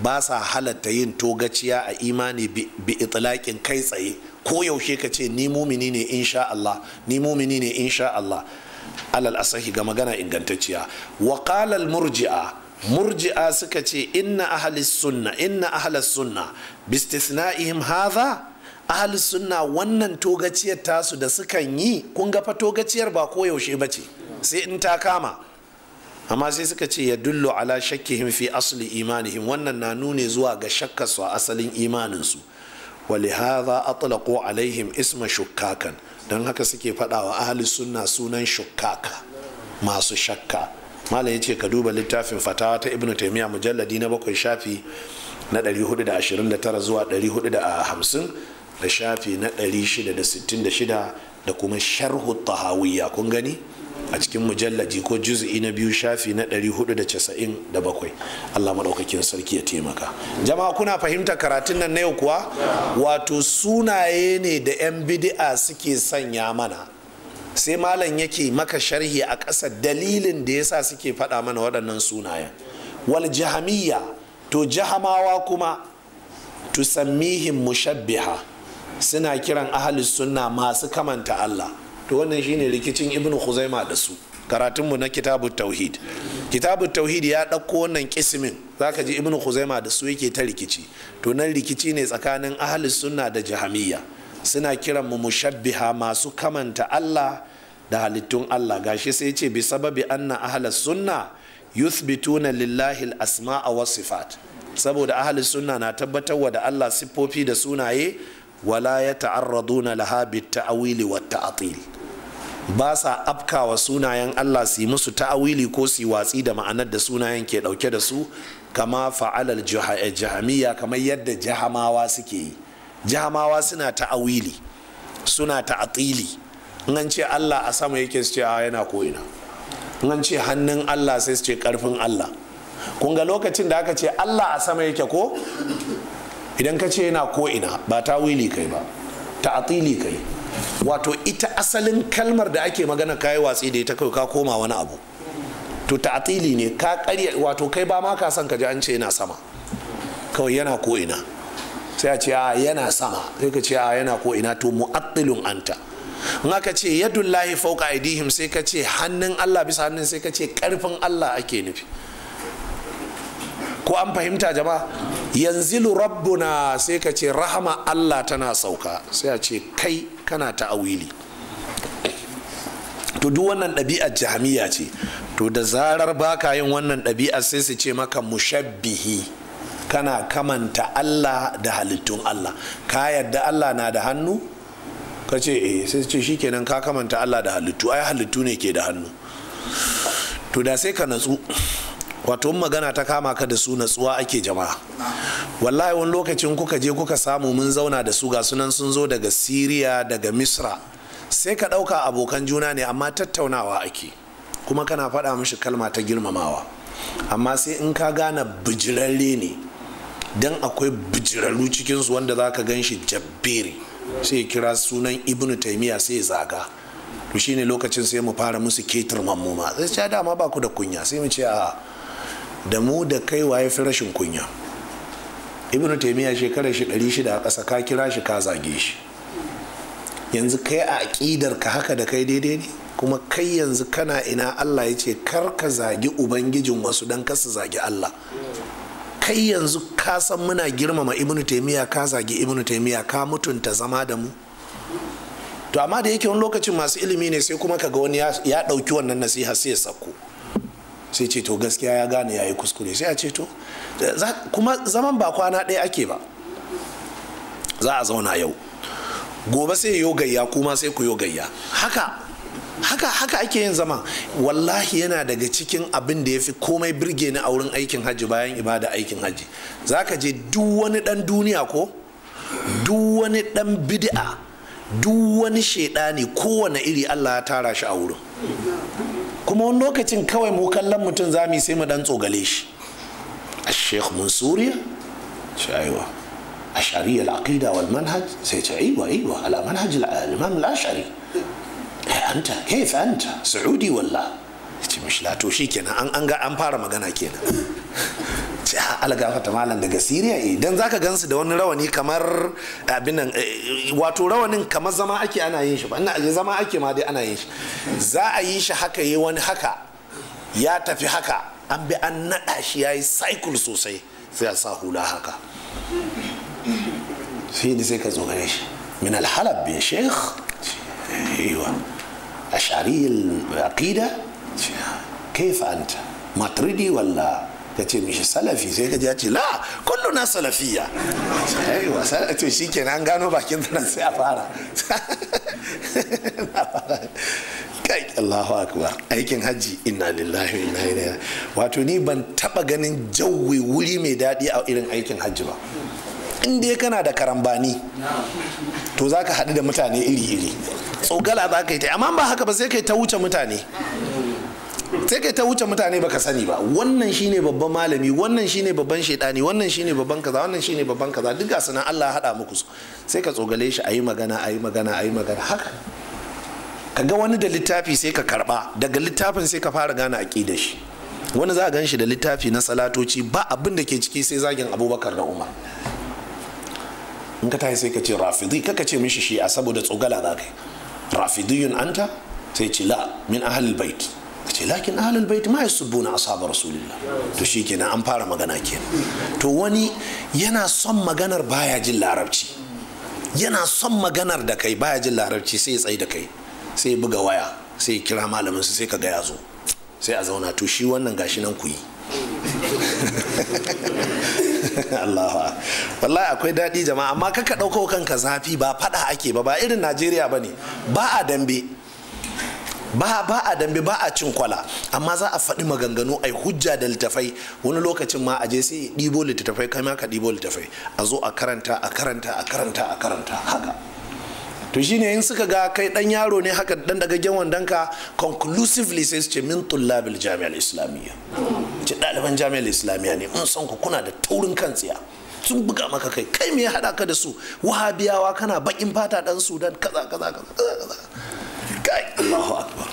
ba sa halatta yin togaciya a imani bi itlaqin kai tsaye ko yaushe ka ce ni mumini ne insha Allah ni mumini ne insha Allah alal asahi ga magana ingantacciya wa qala al murji'a murji'a suka ce inna ahalis sunna inna ahalis sunna bistisna'ihim hadha ahalis sunna wannan togaciyar tasu da sukan yi kun ga togaciyar ba koyaushe ba ce sai in ta kama amma sai suka ce ya dullo ala shakkihim fi asli imanihim wannan na nune zuwa ga shakkarsu a asalin imaninsu ولهذا أطلقوا alaihim isma shukakan don haka suke faɗawa ahalis sunna sunan shukkaka masu shakka malam ya ce ka duba littafin fatawa ta ibnu taimiyya mujalladi na bakwai shafi na 429 zuwa 450 da shafi na 666 da kuma sharhu tahawiyya kun gani a cikin mujallaji ko juz'i na biyu shafi na 497 Allah maɗaukakin sarki ya taimaka jama'a kuna fahimta karatun nan na yau kuwa wato sunaye ne da 'yan bidi'a suke sanya mana sai malam yake maka sharhi a ƙasa dalilin da yasa suke faɗa mana waɗannan sunayen wal jahamiyya to jahamawa kuma sammihin mushabbiha suna kiran ahalis sunna masu kamanta Allah to wannan shine rikicin ibn khuzaima da su karatunmu na kitabu tauhid kitabu tauhid ya ɗauko wannan kismin zaka ji ibnu khuzaima da su yake ta rikici to nan rikici ne tsakanin ahalus sunna da jahamiyya suna kiran mu mushabbiha masu kamanta Allah da halittun Allah gashi sai ce bi sababi anna ahlus sunna yuthbituna lillahi al-asma'a wa sifat saboda ahlus sunna na tabbatar wa da Allah siffofi da sunaye wala ya ta'arraduna laha ta'awili wa ta'til ba sa afkawa sunayen Allah su musu ta'awili ko su watsi da ma'anar da sunayen ke dauke da su kama fa'alal jahamiyya kamar yadda jahamawa suke yi jamawa suna ta'awili suna ta'atili in an ce allah a sama yake su ce a yana ko'ina ce hannun allah sai su ce karfin allah kunga lokacin da aka ce allah a sama yake ko idan ka ce yana ko'ina ba tawili kai ba ta'atili kai wato ita asalin kalmar da ake magana kayi watsi da ita kai ka koma wani abu to ta'atili ne ka karya wato kai ba ma ka san ka ji an ce yana sama kawai yana ko'ina sai ce a ah, yana sama sai ka ce a ah, yana ko ina to mu'attilun anta in aka ce lahi fauka aidihim sai ka ce hannun Allah bisa hannun sai ka ce karfin Allah ake nufi ko an fahimta jama'a yanzilu rabbuna sai ka ce rahama Allah tana sauka sai a ce kai kana ta'awili to duk wannan ɗabi'ar jahamiya ce to da zarar baka yin wannan ɗabi'ar sai su ce maka mushabbihi kana kamanta Allah da halittun Allah ka yadda Allah na da hannu ka ce eh sai ce shikenan ka kamanta Allah da halittu ai halittu ne ke da hannu to da sai ka natsu wato magana ta kama ka da su natsuwa ake jama'a wallahi wani lokacin kuka je kuka samu mun zauna da su ga sunan sun zo daga Siriya daga Misra sai ka ɗauka abokan juna ne amma tattaunawa ake kuma kana faɗa mishi kalma ta girmamawa amma sai in ka gane bijirarre ne dan akwai bijiralu cikinsu wanda za ka gan shi jabbiri sai kira sunan ibnu taimiya sai zaga to shine lokacin sai mu fara musu ketar mamuma sai ce ah, dama ba ku da kunya sai mu ce a ah, da mu da kai waye fi rashin kunya ibnu taimiya shekarar shi 600 a ƙasa ka kira shi ka zage shi yanzu kai a aƙidar ka haka da kai daidai ne kuma kai yanzu kana ina Allah ya ce kar ka zagi ubangijin wasu dan ka su zagi Allah kai yanzu ka san muna girmama ibnu taimiya ka zagi ibnu taimiya ka mutunta zama da mu to amma da yake wani lokacin masu ilimi ne sai kuma kaga wani ya ɗauki wannan nasiha sai ya sako sai ce to gaskiya ya gane ya yi kuskure sai a ce to kuma zaman ba kwana ɗaya ake ba za a zauna yau gobe sai yo gayya kuma sai ku yogayya haka haka haka ake yin zama wallahi yana daga cikin abin da ya fi komai birge ni a wurin aikin hajji bayan ibada aikin hajji za ka je duk wani ɗan duniya ko duk wani ɗan bid'a duk wani ne kowane iri allah ya tara shi a wurin kuma wani lokacin kawai mu kallon mutum za mu sai mu ɗan tsogale shi a sheikh mansuriya shi a shari'a al-aqida wal manhaj sai ce aiwa aiwa ala manhaj al-imam ashari anta kayf anta saudi wallah ce mishi lato shi kenan an an ga an fara magana kenan ce algafata malam daga siriya eh dan zaka gansu da wani rawani kamar abin nan eh, wato rawanin kamar zama ake ana yin shi ba ina zama ake ma dai ana yin shi za a yi shi haka yi wani haka ya tafi haka an bi an naɗa shi ya yi cycle sosai sai a sa hula haka sai da sai ka tsogare shi min alhalab bin sheikh yiwa أشعري العقيدة كيف أنت مطردي ولا yace mishi salafi sai ka ce la kullu na salafiya aiwa to shikenan an gano bakin nan sai a fara kai Allahu akbar aikin hajji inna lillahi wa inna ilaihi wato ni ban taba ganin jawwi wuri mai daɗi a irin aikin hajji ba in dai kana da karambani to za ka haɗu da mutane iri-iri tsogala za ka yi ta amma ba haka ba sai kai ta wuce mutane sai kai ta wuce mutane baka sani ba wannan shine babban malami wannan shine babban shaidani wannan shine babban kaza wannan shine babban kaza duk ga sunan Allah hada muku su sai ka tsogale shi ayi magana ayi magana ayi magana haka ka ga wani da littafi sai ka karba daga littafin sai ka fara gane aqidar shi wani za a gan shi da littafi na salatoci ba abin da ke ciki sai zagin abubakar da umar in ka tashi sai ka ce rafidi kaka ce mishi a saboda tsogala za ka yi rafidiyun anta sai ce la min ahal bait ka ce lakin ahal bait ma yasubbuna ashabar rasulillah to shi kenan an fara magana kenan to wani yana son maganar baya jin larabci yana son maganar da kai baya jin larabci sai ya tsaye da kai sai ya buga waya sai ya kira malamin su sai ka ga ya sai a zauna to shi wannan gashi nan ku yi Allah wallahi akwai daɗi jama'a amma kaka ɗauko kanka zafi ba faɗa ake ba ba irin Najeriya ba ne ba a dambe ba ba a dambe ba a cin kwala amma za a faɗi maganganu ai hujja da littafai wani lokacin ma a je sai ɗibo littattafai kai ma ka ɗibo littattafai a zo a karanta a karanta a karanta a karanta haka to shi ne in suka ga kai dan yaro ne haka dan daga gen wandanka conclusively sai su ce min tullabil jami'ar islamiyya ce ɗaliban jami'ar islamiyya ne mun san ku kuna da taurin kan tsiya sun buga maka kai kai me ya haɗa ka da su wahabiyawa kana bakin fata dan sudan kaza kaza kaza kaza. kai Allahu akbar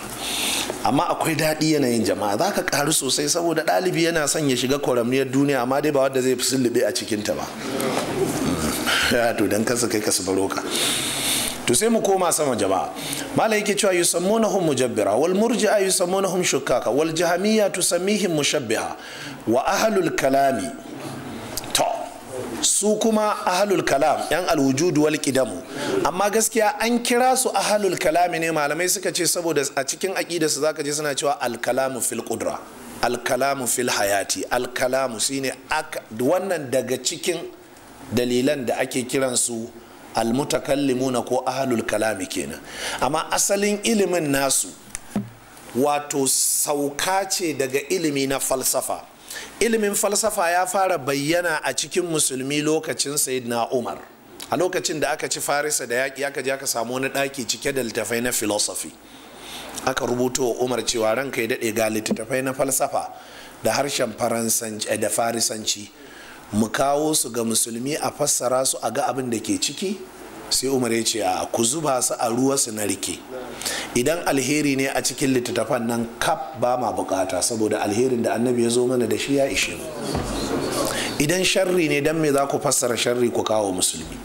amma akwai daɗi yanayin jama'a za ka ƙaru sosai saboda ɗalibi yana son ya shiga kwaramniyar duniya amma dai ba wanda zai fi sullube a cikinta ba mm. to don kasa kai ka su baro ka to sai mu koma sama jama'a malai yake cewa yusammunahum mujabbira wal murji'a yusammunahum shukaka. wal jahamiyya tusammihim mushabbiha wa ahlul kalami to su kuma ahlul kalam yan alwujud wal qidamu amma gaskiya an kira su ahlul kalami ne malamai suka ce saboda a cikin aqida su zaka je suna cewa alkalamu kalamu fil qudra al fil hayati al kalamu shine wannan daga cikin dalilan da ake kiransu almutakallimuna ko ahalul kalami kenan amma asalin ilimin nasu wato sauka ce daga ilimi na falsafa ilimin falsafa ya fara bayyana a cikin musulmi lokacin sayidina umar a lokacin da aka ci farisa da yaƙi aka je aka samu wani ɗaki cike da littafai na filosofi, aka rubuto wa umar cewa ranka ya daɗe ga littattafai na falsafa da harshen faransanci eh, da farisanci mu kawo su ga musulmi a fassara su a ga abin da ke ciki sai umar ya ce a ku zuba su a ruwa su na rike idan alheri ne a cikin littattafan nan kaf ba ma bukata saboda alherin da annabi ya zo mana da shi ya ishe mu idan sharri ne dan me za ku fassara sharri ku kawo musulmi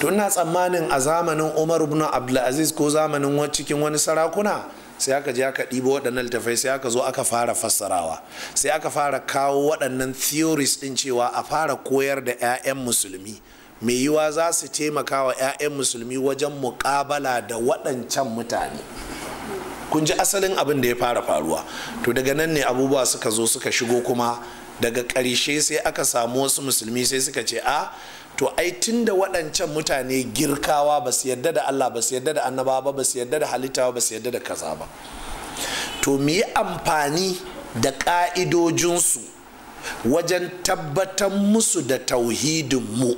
to ina tsammanin a zamanin umar ibn abdulaziz ko zamanin cikin wani sarakuna sai aka je aka ɗibo waɗannan littafai sai aka zo aka fara fassarawa sai aka fara kawo waɗannan theories ɗin cewa a fara koyar da 'ya'yan musulmi mai yiwa za su taimaka wa 'ya'yan musulmi wajen muƙabala da waɗancan mutane kun ji asalin abin da ya fara faruwa to daga nan ne abubuwa suka zo suka shigo kuma daga ƙarshe sai aka samu wasu musulmi sai suka ce a ah, to ai tun da waɗancan mutane girkawa ba su yarda da allah ba su yadda da annaba ba ba su yadda da halitta ba su yadda da kaza ba to mu yi amfani da ƙa'idojinsu wajen tabbatar musu da tauhidin mu.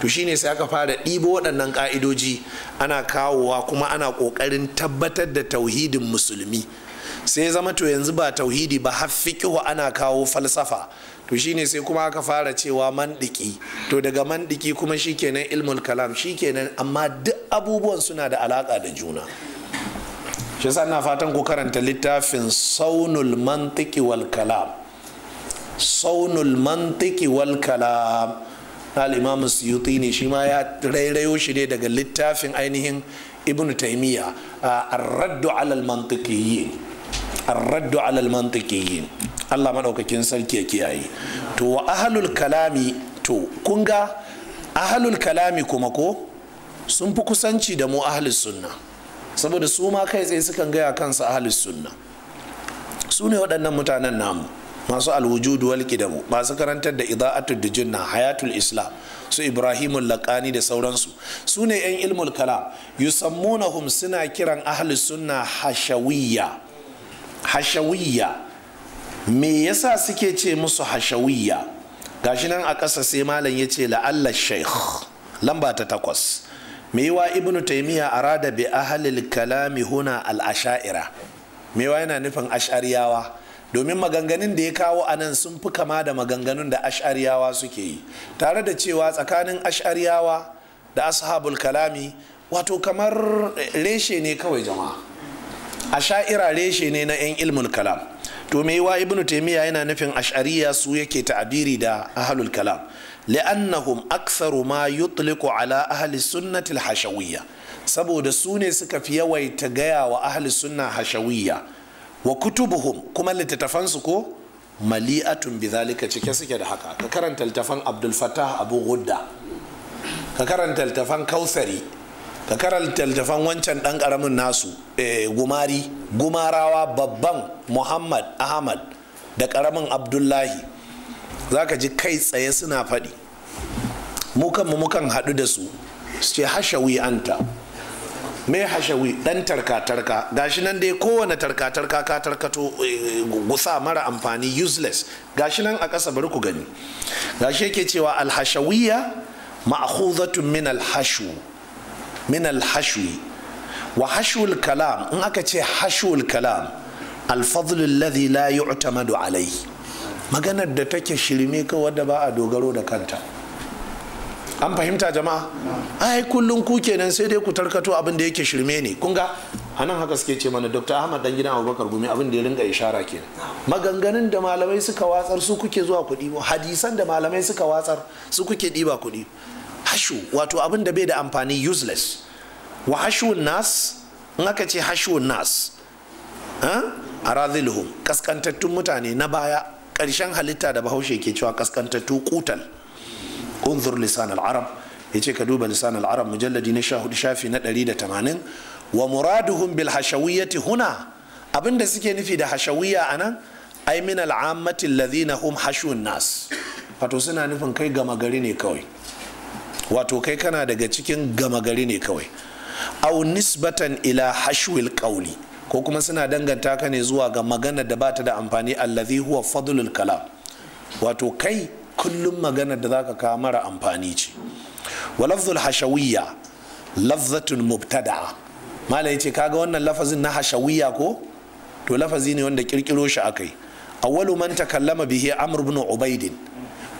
to shine sai aka fara ɗibo waɗannan ƙa'idoji ana kawowa kuma ana ƙoƙarin tabbatar da tauhidin musulmi sai zama to yanzu ba tauhidi ba har ana kawo falsafa to shine sai kuma aka fara cewa mandiki to daga mandiki kuma shikenan ilmul kalam shi shikenan amma duk abubuwan suna da alaka da juna shi na fatan ku karanta littafin saunul mantiki wal kalam saunul mantiki wal kalam al-imam ne shi ma ya rairayo shi ne daga littafin ainihin ibn taymiya ar-raddu alal mantiqiyyin arraddu alal mantiqiyin Allah maɗaukakin sarki ya kiyaye to wa ahlul kalami to kun ga ahlul kalami kuma ko sun fi kusanci da mu ahlus sunna saboda su ma kai tsaye sukan gaya kansu ahlus sunna su ne waɗannan mutanen namu masu alwujudu da mu. masu karantar da ida'atul dijinna hayatul islam su ibrahimul lakani da sauransu su ne yan ilmul kalam yusammunahum suna kiran ahlus sunna hashawiyya hashawiyya me yasa suke ce musu hashawiyya gashi nan a ƙasa sai malam ya ce la'alla sheikh lamba ta takwas maiwa ibnu taimiyya arada bi ahalil kalami huna al'asha'ira maiwa yana nufin ash'ariyawa domin maganganun da ya kawo a nan sun fi kama da maganganun da ash'ariyawa suke yi tare da cewa tsakanin ash'ariyawa da ashabul kalami wato kamar reshe ne kawai jama'a asha'ira reshe ne na 'yan ilmul kalam to me wa ibnu taimiyya yana nufin ash'ariya su yake ta'abiri da ahlul kalam li'annahum aktharu ma yutliqu ala ahli sunnati hashawiyya saboda su ne suka fi yawaita gaya wa ahli sunna hashawiyya wa kutubuhum kuma littattafansu ko mali'atun bidhalika cike suke da haka ka karanta littafan abdul fattah abu hudda ka karanta littafan kausari ka karanta littattafan wancan dan karamin nasu eh, gumari gumarawa babban muhammad ahmad da karamin abdullahi za ka ji kai tsaye suna faɗi mukan mukan haɗu da su su ce hashawi anta me hashawi ɗan tarka-tarka gashi nan dai kowane tarka-tarka ka tarkato eh, gusa mara amfani useless gashi nan a ƙasa bari ku gani gashi yake cewa alhashawiya ma'khuzatun min alhashu min alhashwi hashwi wa hashwul kalam in aka ce hashwul kalam al-fadl alladhi la yu'tamadu alayhi maganar da take shirme ka wadda ba a dogaro da kanta an fahimta jama'a ai kullum ku kenan sai dai ku tarkato abin da yake shirme ne kun ga anan haka suke ce mana dr ahmad dan gidan abubakar gumi abin da ya ringa ishara ke. maganganun da malamai suka watsar su kuke zuwa kuɗi hadisan da malamai suka watsar su kuke ɗiba kuɗi hashu wato abin da bai da amfani useless wa hashun nas in aka ce hashun nas a razilhum kaskantattun mutane na baya ƙarshen halitta da bahaushe ke cewa kaskantattu kutal unzur lisan al'arab ya ce ka duba lisan al'arab arab mujalladi na hudu shafi na ɗari da tamanin wa muraduhum bil hashawiyyati huna abinda suke nufi da hashawiyya nan ai min al'ammatin ladhina hum hashun nas fato suna nufin kai gama gari ne kawai wato kai kana daga cikin gama gari ne kawai au nisbatan ila hashwil qawli ko kuma suna danganta ka ne zuwa ga magana da bata da amfani allazi huwa fadlul kalam wato kai kullum magana da zaka ka mara amfani ce wa hashawiyya lafzatun mubtada'a mala yace kaga wannan lafazin na hashawiyya ko to lafazi ne wanda kirkiro shi akai awwalu man takallama bihi amr ibn ubaidin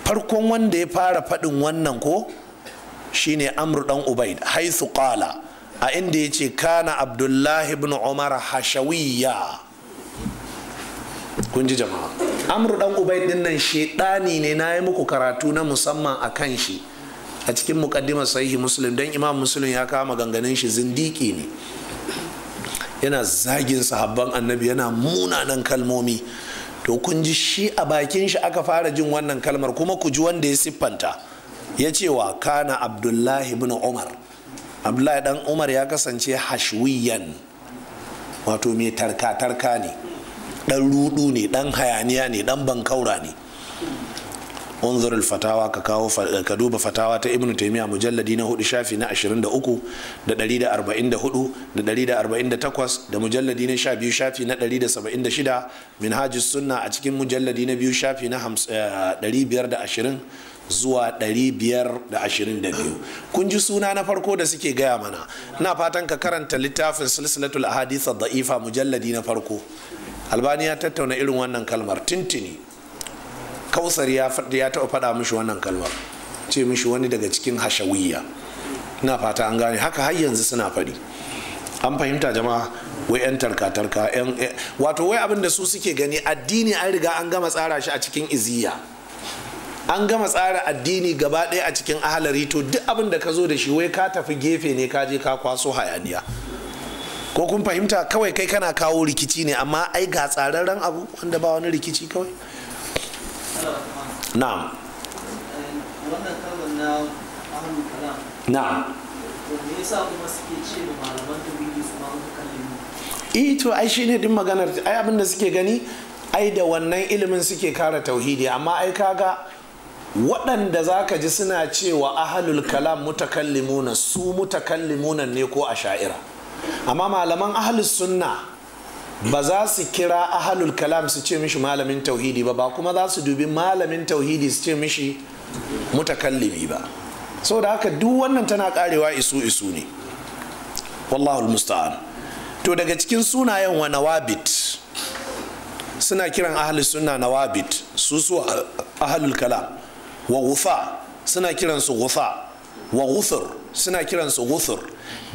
farkon wanda ya fara fadin wannan ko shine amru dan ubaid haisu qala a inda yace ce kana abdullahi ibn umar hashawiyya kun ji jama'a amru dan ubaid din nan shedani ne na yi muku karatu na musamman a kan shi a cikin mukaddimar sahihi muslim dan imam muslim ya kama ganganin shi zindiki ne yana zagin sahabban annabi yana munanan kalmomi to kun ji shi a bakin shi aka fara jin wannan kalmar kuma ku ji wanda ya siffanta ya ce wa kana abdullahi bin umar abdullahi dan umar ya kasance hashwiyan wato mai tarka-tarka ne dan rudu ne dan hayaniya ne dan bankaura ne unzur fatawa ka kawo ka duba fatawa ta ibnu taymiya mujalladi na hudu shafi na 23 da 144 da 148 da mujalladi na 12 shafi na 176 minhajus sunna a cikin mujalladi na biyu shafi na 520 zuwa 522 kun ji suna na farko da suke gaya mana na fatan ka karanta littafin silsilatul ahadith da'ifa mujalladi na farko albani ya tattauna irin wannan kalmar tintini kausar ya taɓa faɗa mishi wannan kalmar ce mishi wani daga cikin hashawiyya na fata an gane haka har yanzu suna faɗi an fahimta jama'a wai 'yan tarka-tarka wato wai abin da su suke gani addini an riga an gama tsara shi a cikin iziya an gama tsara addini gaba ɗaya a cikin ahalari to duk abin da ka zo da shi wai ka tafi gefe ne ka je ka kwaso hayaniya ko kun fahimta kawai kai kana kawo rikici ne amma ai ga tsararren abu wanda ba wani rikici kawai na'am na'am e, to ai ne din maganar ai abin da suke gani ai da wannan ilimin suke kara tauhidi amma ai kaga waɗanda za ka ji suna cewa ahalul kalam mutakallimuna su mutakallimuna ne ko a sha'ira amma malaman ahalus sunna ba za su kira ahalul kalam su ce mishi malamin tauhidi ba ba kuma za su dubi malamin tauhidi su ce mishi mutakallimi ba saboda haka duk wannan tana karewa isu isu ne wallahul musta'an to daga cikin sunayen wa nawabit suna kiran ahalus sunna nawabit su su ahalul kalam wa wufa suna kiransu wufa wa wuthur suna kiransu wuthur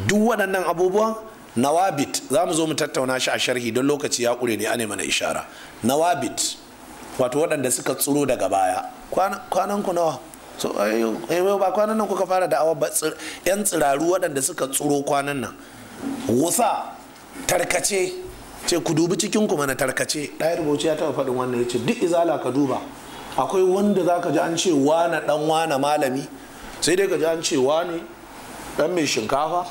duk waɗannan abubuwan nawabit za mu zo mu tattauna shi a sharhi don lokaci ya ƙure ne ane mana ishara nawabit wato waɗanda suka tsuro daga baya kwanan ku nawa so ba kwanan nan kuka fara da'awa ba yan tsiraru waɗanda suka tsuro kwanan nan wusa tarkace ce ku dubi cikin ku mana tarkace ɗaya rubuci ya taɓa faɗin wannan ya ce duk izala ka duba akwai wanda za ka ji an ce wane dan wane malami sai dai ka ji an ce wane dan mai shinkafa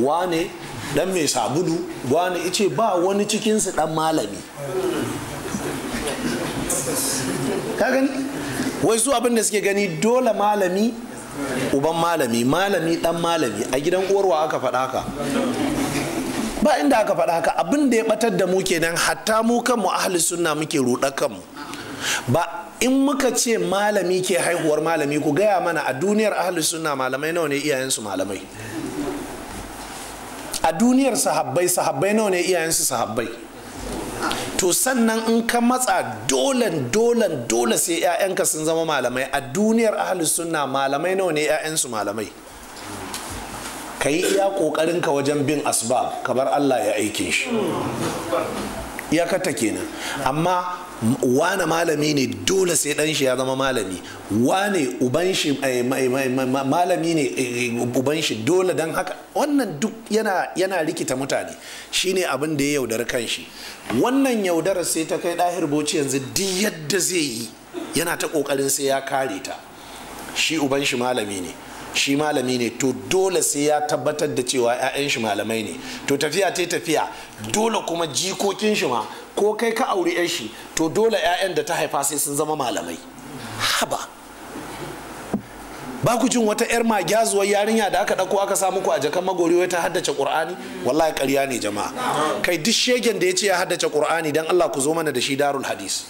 wane dan mai sabulu wane ice ba wani cikinsu dan malami ka gani wai su abin da suke gani dole malami uban malami malami dan malami a gidan uwarwa aka faɗa ka ba inda aka faɗa ka abin da ya batar da mu kenan hatta mu kanmu ahli sunna muke ruɗa kanmu ba in muka ce malami ke haihuwar malami ku gaya mana a duniyar ahalus sunna malamai nawa ne iyayensu malamai a duniyar sahabbai sahabbai nawa ne iyayensu sahabbai to sannan in ka matsa dolan dolan dole sai 'ya'yanka sun zama malamai a duniyar ahalus sunna malamai nawa ne 'ya'yansu malamai ka yi iya kokarin ka wajen bin asbab kamar Allah ya aikin shi iyakata kenan amma wane malami ne dole sai dan shi ya zama malami wane uban shi eh, eh, eh, malami ne uban shi dole dan haka wannan duk yana yana rikita mutane shine abin da ya yaudar kanshi wannan yaudarar sai ta kai dahir boci yanzu duk yadda zai yi yana ta kokarin sai ya kare ta shi uban shi malami ne shi malami ne to dole sai ya tabbatar da cewa 'ya'yan shi malamai ne to tafiya ta tafiya dole kuma jikokin shi ma ko kai ka auri 'yan shi to dole 'ya'yan da ta haifa sai sun zama malamai haba ba ku jin wata 'yar magyazuwar yarinya da aka ɗauko aka samu ku a jakan magori wai ta haddace ƙur'ani wallahi ƙarya ne jama'a kai duk shegen da ya ce ya haddace ƙur'ani dan Allah ku zo mana da shi darul hadis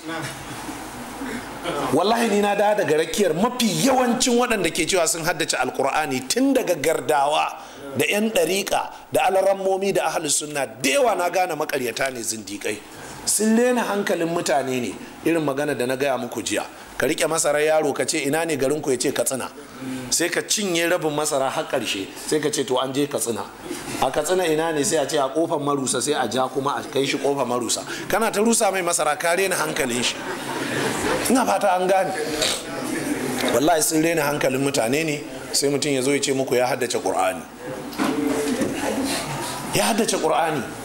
wallahi ni na dawo daga rakiyar mafi yawancin waɗanda ke cewa sun haddace alkur'ani tun daga gardawa da 'yan ɗariƙa da alarammomi da ahalus sunna da yawa na gane makaryata ne zindiƙai sun lena hankalin mutane ne irin magana da na gaya muku jiya ka rike masarar yaro ka ce ina ne garin ku ya ce katsina sai ka cinye rabin masara har karshe sai ka ce to an je katsina a katsina ina ne sai a ce a kofar marusa sai a ja kuma a kai shi kofar marusa kana ta rusa mai masara ka rena hankalin shi ina fata an gane wallahi sun rena hankalin mutane ne sai mutum ya zo ya ce muku ya haddace qur'ani ya haddace qur'ani